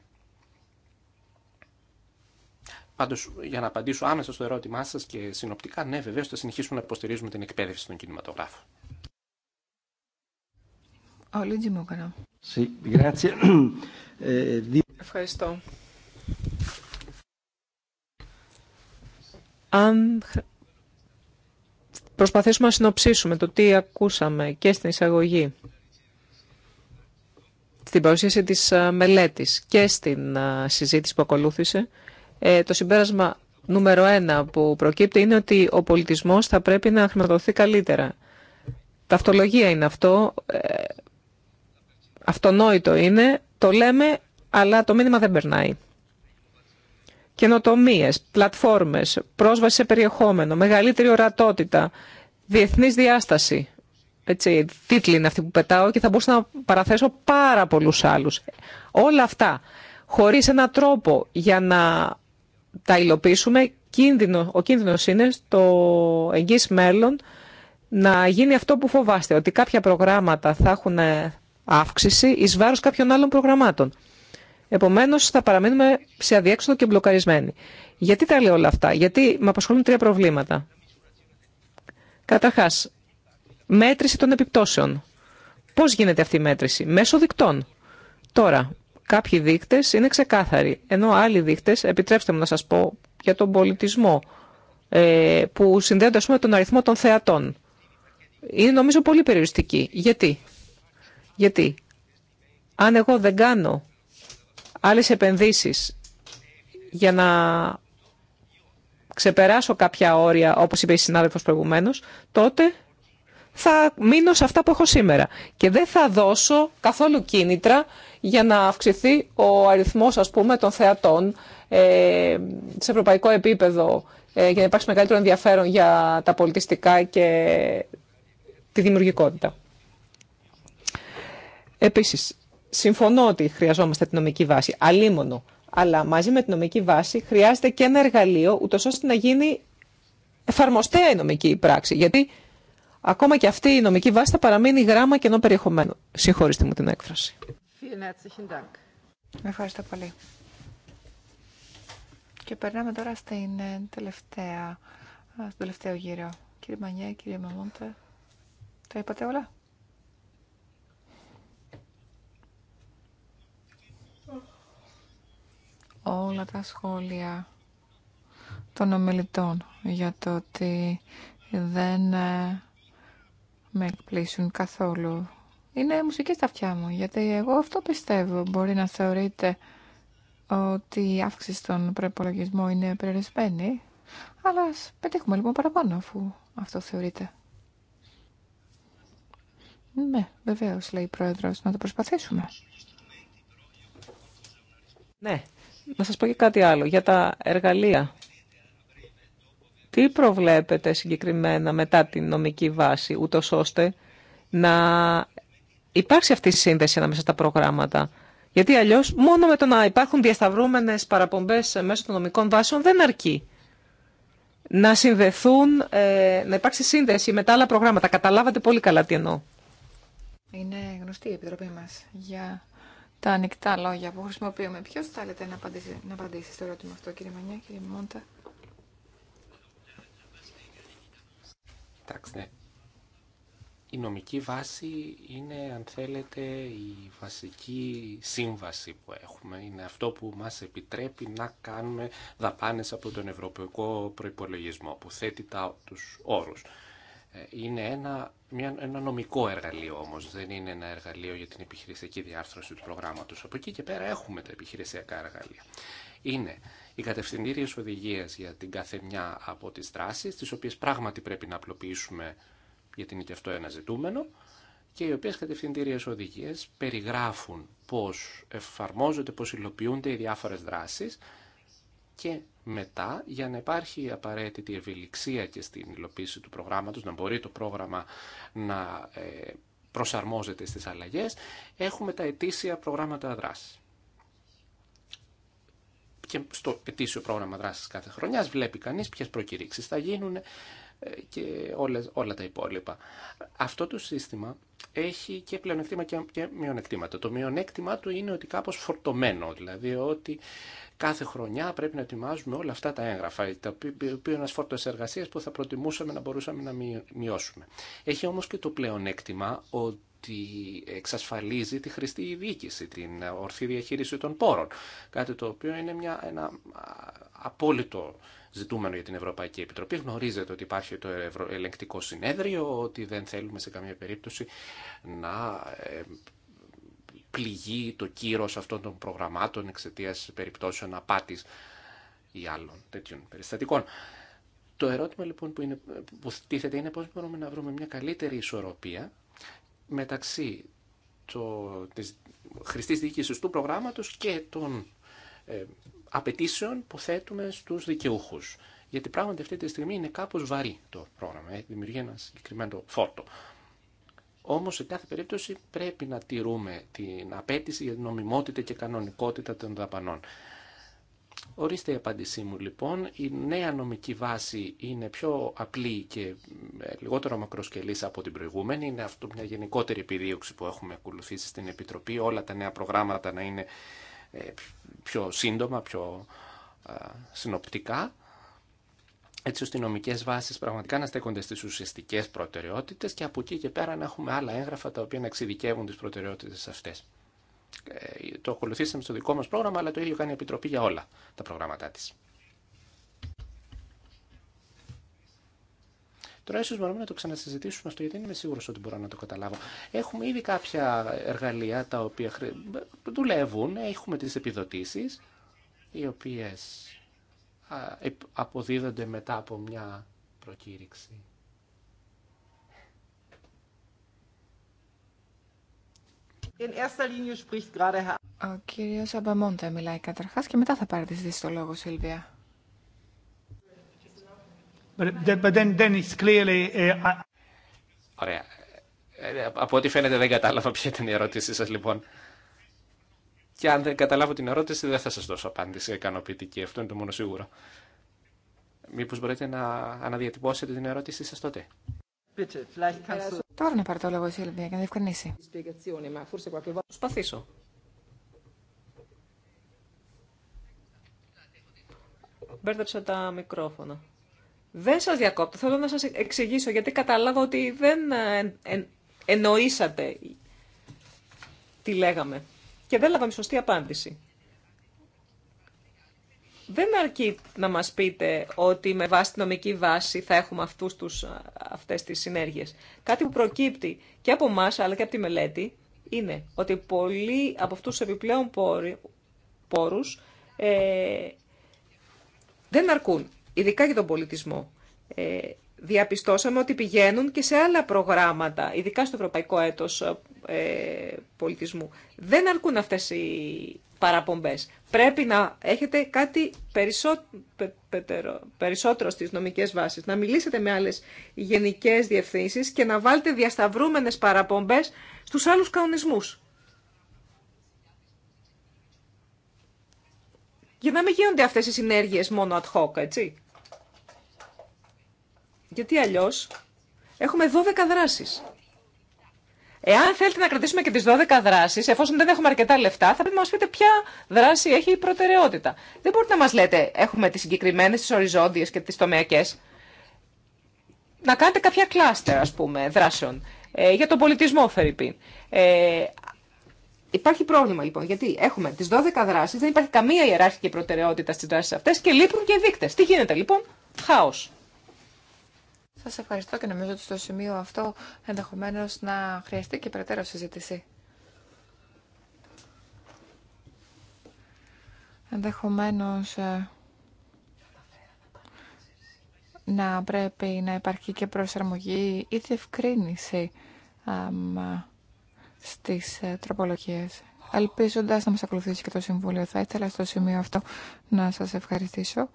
Πάντως, για να απαντήσω άμεσα στο ερώτημά σας και συνοπτικά, ναι, βεβαίω θα συνεχίσουμε να υποστηρίζουμε την εκπαίδευση των κινηματογράφων. Eh, Ευχαριστώ. Αν προσπαθήσουμε να συνοψίσουμε το τι ακούσαμε και στην εισαγωγή, στην παρουσίαση της ε, μελέτης και στην ε, συζήτηση που ακολούθησε, ε, το συμπέρασμα νούμερο ένα που προκύπτει είναι ότι ο πολιτισμός θα πρέπει να χρηματοδοθεί καλύτερα. Ταυτολογία είναι αυτό, αυτονόητο είναι, το λέμε, αλλά το μήνυμα δεν περνάει. Καινοτομίε, πλατφόρμες, πρόσβαση σε περιεχόμενο, μεγαλύτερη ορατότητα, διεθνής διάσταση. Έτσι, τίτλοι είναι αυτοί που πετάω και θα μπορούσα να παραθέσω πάρα πολλού άλλου. Όλα αυτά, χωρί έναν τρόπο για να τα υλοποιήσουμε, κίνδυνο, ο κίνδυνος είναι στο εγγύς μέλλον να γίνει αυτό που φοβάστε, ότι κάποια προγράμματα θα έχουν αύξηση εις βάρος κάποιων άλλων προγραμμάτων. Επομένω, θα παραμείνουμε σε αδιέξοδο και μπλοκαρισμένοι. Γιατί τα λέω όλα αυτά, γιατί με απασχολούν τρία προβλήματα. Καταρχά, μέτρηση των επιπτώσεων. Πώ γίνεται αυτή η μέτρηση, μέσω δικτών. Τώρα, κάποιοι δείκτε είναι ξεκάθαροι, ενώ άλλοι δείκτε, επιτρέψτε μου να σα πω, για τον πολιτισμό, ε, που συνδέονται με πούμε τον αριθμό των θεατών. Είναι νομίζω πολύ περιοριστική. Γιατί γιατί αν εγώ δεν κάνω άλλες επενδύσεις για να ξεπεράσω κάποια όρια, όπως είπε η συνάδελφος προηγουμένως, τότε θα μείνω σε αυτά που έχω σήμερα. Και δεν θα δώσω καθόλου κίνητρα για να αυξηθεί ο αριθμός, ας πούμε, των θεατών ε, σε ευρωπαϊκό επίπεδο ε, για να υπάρξει μεγαλύτερο ενδιαφέρον για τα πολιτιστικά και τη δημιουργικότητα. Επίσης, συμφωνώ ότι χρειαζόμαστε την νομική βάση, αλίμονο, αλλά μαζί με την νομική βάση χρειάζεται και ένα εργαλείο, ούτω ώστε να γίνει εφαρμοστέα η νομική πράξη, γιατί ακόμα και αυτή η νομική βάση θα παραμείνει γράμμα και ενώ περιεχομένου. Συγχωρήστε μου την έκφραση. Ευχαριστώ πολύ. Και περνάμε τώρα στην ε, τελευταία, ε, στο τελευταίο γύρο. Κύριε Μανιέ, κύριε τα είπατε όλα. όλα τα σχόλια των ομιλητών για το ότι δεν ε, με εκπλήσουν καθόλου. Είναι μουσική στα αυτιά μου, γιατί εγώ αυτό πιστεύω. Μπορεί να θεωρείτε ότι η αύξηση στον προπολογισμό είναι περιορισμένη, αλλά πετύχουμε λοιπόν παραπάνω αφού αυτό θεωρείτε Ναι, βεβαίω, λέει η πρόεδρο, να το προσπαθήσουμε. Ναι, να σας πω και κάτι άλλο για τα εργαλεία. Τι προβλέπετε συγκεκριμένα μετά την νομική βάση, ούτω ώστε να υπάρξει αυτή η σύνδεση ανάμεσα στα προγράμματα. Γιατί αλλιώς μόνο με το να υπάρχουν διασταυρούμενες παραπομπές μέσω των νομικών βάσεων δεν αρκεί να συνδεθούν, ε, να υπάρξει σύνδεση με τα άλλα προγράμματα. Καταλάβατε πολύ καλά τι εννοώ. Είναι γνωστή η Επιτροπή μας για τα ανοιχτά λόγια που χρησιμοποιούμε. Ποιο θέλετε να απαντήσει, να απαντήσει στο ερώτημα αυτό, κύριε Μανιά, κύριε Μόντα. Κοιτάξτε, ναι. η νομική βάση είναι, αν θέλετε, η βασική σύμβαση που έχουμε. Είναι αυτό που μας επιτρέπει να κάνουμε δαπάνες από τον Ευρωπαϊκό Προϋπολογισμό, που θέτει τα, τους όρους. Είναι ένα, μια, ένα νομικό εργαλείο όμω. δεν είναι ένα εργαλείο για την επιχειρησιακή διάρθρωση του προγράμματο. Από εκεί και πέρα έχουμε τα επιχειρησιακά εργαλεία. Είναι οι κατευθυντήριε οδηγίε για την κάθε μια από τι δράσει, τι οποίε πράγματι πρέπει να απλοποιήσουμε γιατί είναι και αυτό ένα ζητούμενο, και οι οποίε κατευθυντήριε οδηγίε περιγράφουν πώ εφαρμόζονται, πω υλοποιούνται οι διάφορε δράσει και μετά για να υπάρχει η απαραίτητη ευελιξία και στην υλοποίηση του προγράμματος, να μπορεί το πρόγραμμα να ε, προσαρμόζεται στις αλλαγές, έχουμε τα ετήσια προγράμματα δράσης. Και στο ετήσιο πρόγραμμα δράσης κάθε χρονιάς βλέπει κανείς ποιες προκηρύξεις θα γίνουν ε, και όλα, όλα τα υπόλοιπα. Αυτό το σύστημα έχει και πλεονεκτήματα και, και μειονεκτήματα. Το μειονέκτημα του είναι ότι κάπως φορτωμένο, δηλαδή ότι κάθε χρονιά πρέπει να ετοιμάζουμε όλα αυτά τα έγγραφα, τα οποία είναι ένα φόρτο εργασία που θα προτιμούσαμε να μπορούσαμε να μειώσουμε. Έχει όμω και το πλεονέκτημα ότι εξασφαλίζει τη χρηστή διοίκηση, την ορθή διαχείριση των πόρων. Κάτι το οποίο είναι μια, ένα απόλυτο ζητούμενο για την Ευρωπαϊκή Επιτροπή. Γνωρίζετε ότι υπάρχει το ελεγκτικό συνέδριο, ότι δεν θέλουμε σε καμία περίπτωση να ε, πληγεί το κύρος αυτών των προγραμμάτων εξαιτίας περιπτώσεων απάτης ή άλλων τέτοιων περιστατικών. Το ερώτημα λοιπόν που, είναι, που τίθεται είναι πώς μπορούμε να βρούμε μια καλύτερη ισορροπία μεταξύ το, της χρηστής διοίκησης του προγράμματος και των ε, απαιτήσεων που θέτουμε στους δικαιούχους. Γιατί πράγματι αυτή τη στιγμή είναι κάπως βαρύ το πρόγραμμα, ε, δημιουργεί ένα συγκεκριμένο φόρτο. Όμως σε κάθε περίπτωση πρέπει να τηρούμε την απέτηση για νομιμότητα και κανονικότητα των δαπανών. Ορίστε η απάντησή μου λοιπόν. Η νέα νομική βάση είναι πιο απλή και ε, λιγότερο μακροσκελής από την προηγούμενη. Είναι αυτό μια γενικότερη επιδίωξη που έχουμε ακολουθήσει στην Επιτροπή. Όλα τα νέα προγράμματα να είναι ε, πιο σύντομα, πιο συνοπτικά έτσι ώστε οι νομικέ βάσεις πραγματικά να στέκονται στι ουσιαστικέ προτεραιότητε και από εκεί και πέρα να έχουμε άλλα έγγραφα τα οποία να εξειδικεύουν τι προτεραιότητε αυτέ. Ε, το ακολουθήσαμε στο δικό μα πρόγραμμα, αλλά το ίδιο κάνει η Επιτροπή για όλα τα προγράμματά τη. Τώρα ίσω μπορούμε να το ξανασυζητήσουμε αυτό, γιατί δεν είμαι σίγουρο ότι μπορώ να το καταλάβω. Έχουμε ήδη κάποια εργαλεία τα οποία δουλεύουν, έχουμε τι επιδοτήσει, οι οποίε αποδίδονται μετά από μια προκήρυξη. Ο κύριο Αμπαμόντα μιλάει καταρχά και μετά θα πάρει τη στο λόγο, Σίλβια. Ωραία. Από ό,τι φαίνεται δεν κατάλαβα ποια ήταν η ερώτησή σας λοιπόν. Και αν δεν καταλάβω την ερώτηση, δεν θα σα δώσω απάντηση ικανοποιητική. Αυτό είναι το μόνο σίγουρο. Μήπω μπορείτε να αναδιατυπώσετε την ερώτησή σα τότε. Τώρα να πάρει το λόγο η Σίλβια για να διευκρινίσει. Προσπαθήσω. Μπέρδεψα τα μικρόφωνα. Δεν σας διακόπτω. Θέλω να σας εξηγήσω γιατί καταλάβα ότι δεν ε, εννοήσατε τι λέγαμε και δεν λάβαμε σωστή απάντηση. Δεν αρκεί να μας πείτε ότι με βάση τη νομική βάση θα έχουμε αυτούς τους, αυτές τις συνέργειες. Κάτι που προκύπτει και από εμά αλλά και από τη μελέτη είναι ότι πολλοί από αυτούς τους επιπλέον πόρους ε, δεν αρκούν, ειδικά για τον πολιτισμό. Ε, διαπιστώσαμε ότι πηγαίνουν και σε άλλα προγράμματα, ειδικά στο Ευρωπαϊκό Έτος ε, Πολιτισμού. Δεν αρκούν αυτές οι παραπομπές. Πρέπει να έχετε κάτι περισσότερο, περισσότερο στις νομικές βάσεις, να μιλήσετε με άλλες γενικές διευθύνσεις και να βάλετε διασταυρούμενες παραπομπές στους άλλους κανονισμούς. Για να μην γίνονται αυτές οι συνέργειες μόνο ad hoc, έτσι. Γιατί αλλιώ, έχουμε 12 δράσει. Εάν θέλετε να κρατήσουμε και τι 12 δράσει, εφόσον δεν έχουμε αρκετά λεφτά, θα πρέπει να μα πείτε ποια δράση έχει η προτεραιότητα. Δεν μπορείτε να μα λέτε έχουμε τι συγκεκριμένε τι οριζόντιε και τι τομεακέ. Να κάνετε κάποια κλάστερ, α πούμε, δράσεων. Ε, για τον πολιτισμό, Φερρυπίν. Ε, Υπάρχει πρόβλημα λοιπόν, γιατί έχουμε τι 12 δράσει, δεν υπάρχει καμία ιεράρχικη προτεραιότητα στι δράσει αυτέ και λείπουν και δείκτε. Τι γίνεται λοιπόν, χάο. Σας ευχαριστώ και νομίζω ότι στο σημείο αυτό ενδεχομένως να χρειαστεί και περαιτέρω συζήτηση. Ενδεχομένως ε, να πρέπει να υπάρχει και προσαρμογή ή διευκρίνηση στις ε, τροπολογίες. Ελπίζοντας να μας ακολουθήσει και το Συμβούλιο, θα ήθελα στο σημείο αυτό να σας ευχαριστήσω.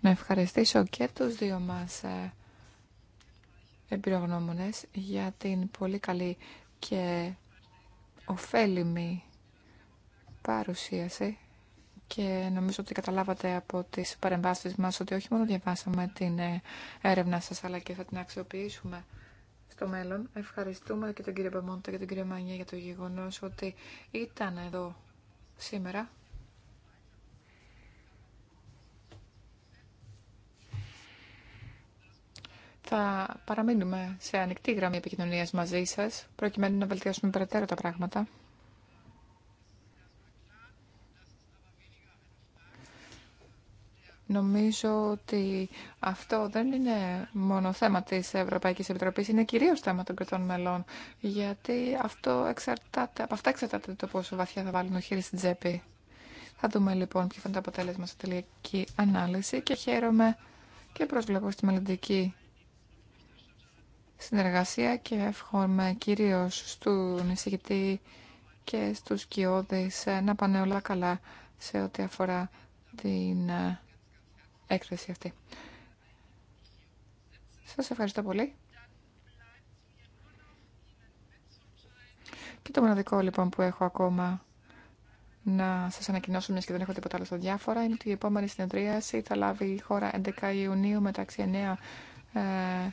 Να ευχαριστήσω και τους δύο μας ε, εμπειρογνώμονες για την πολύ καλή και ωφέλιμη παρουσίαση και νομίζω ότι καταλάβατε από τις παρεμβάσεις μας ότι όχι μόνο διαβάσαμε την ε, έρευνα σας αλλά και θα την αξιοποιήσουμε στο μέλλον. Ευχαριστούμε και τον κύριο Παμόντα και τον κύριο Μανιέ για το γεγονός ότι ήταν εδώ σήμερα Θα παραμείνουμε σε ανοιχτή γραμμή επικοινωνία μαζί σα, προκειμένου να βελτιώσουμε περαιτέρω τα πράγματα. Νομίζω ότι αυτό δεν είναι μόνο θέμα της Ευρωπαϊκής Επιτροπής, είναι κυρίως θέμα των κρατών μελών, γιατί αυτό εξαρτάται, από αυτά εξαρτάται το πόσο βαθιά θα βάλουν ο χέρι στην τσέπη. Θα δούμε λοιπόν ποιο θα είναι το αποτέλεσμα σε τελική ανάλυση και χαίρομαι και προσβλέπω στη μελλοντική συνεργασία και εύχομαι κυρίως στον εισηγητή και στους κοιόδης ε, να πάνε όλα καλά σε ό,τι αφορά την ε, έκθεση αυτή. Σας ευχαριστώ πολύ. Και το μοναδικό λοιπόν που έχω ακόμα να σας ανακοινώσω, μιας και δεν έχω τίποτα άλλο στα διάφορα, είναι ότι η επόμενη συνεδρίαση θα λάβει η χώρα 11 Ιουνίου μεταξύ 9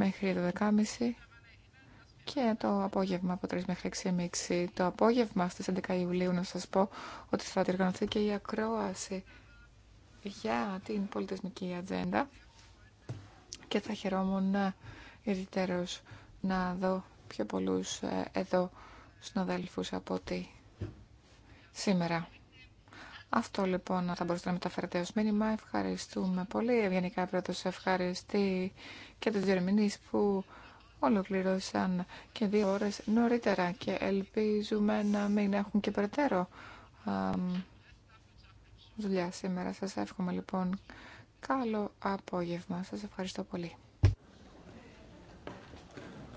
μέχρι 12.30 και το απόγευμα από 3 μέχρι 6.30. Το απόγευμα στις 11 Ιουλίου να σας πω ότι θα διοργανωθεί και η ακρόαση για την πολιτισμική ατζέντα και θα χαιρόμουν ε, ιδιαίτερος να δω πιο πολλούς ε, εδώ συναδέλφους από ότι σήμερα. Αυτό λοιπόν θα μπορούσατε να μεταφέρετε ως μήνυμα. Ευχαριστούμε πολύ. Ευγενικά πρώτος, σε ευχαριστεί και τους διερμηνείς που ολοκλήρωσαν και δύο ώρες νωρίτερα και ελπίζουμε να μην έχουν και περαιτέρω δουλειά σήμερα. Σας εύχομαι λοιπόν καλό απόγευμα. Σας ευχαριστώ πολύ.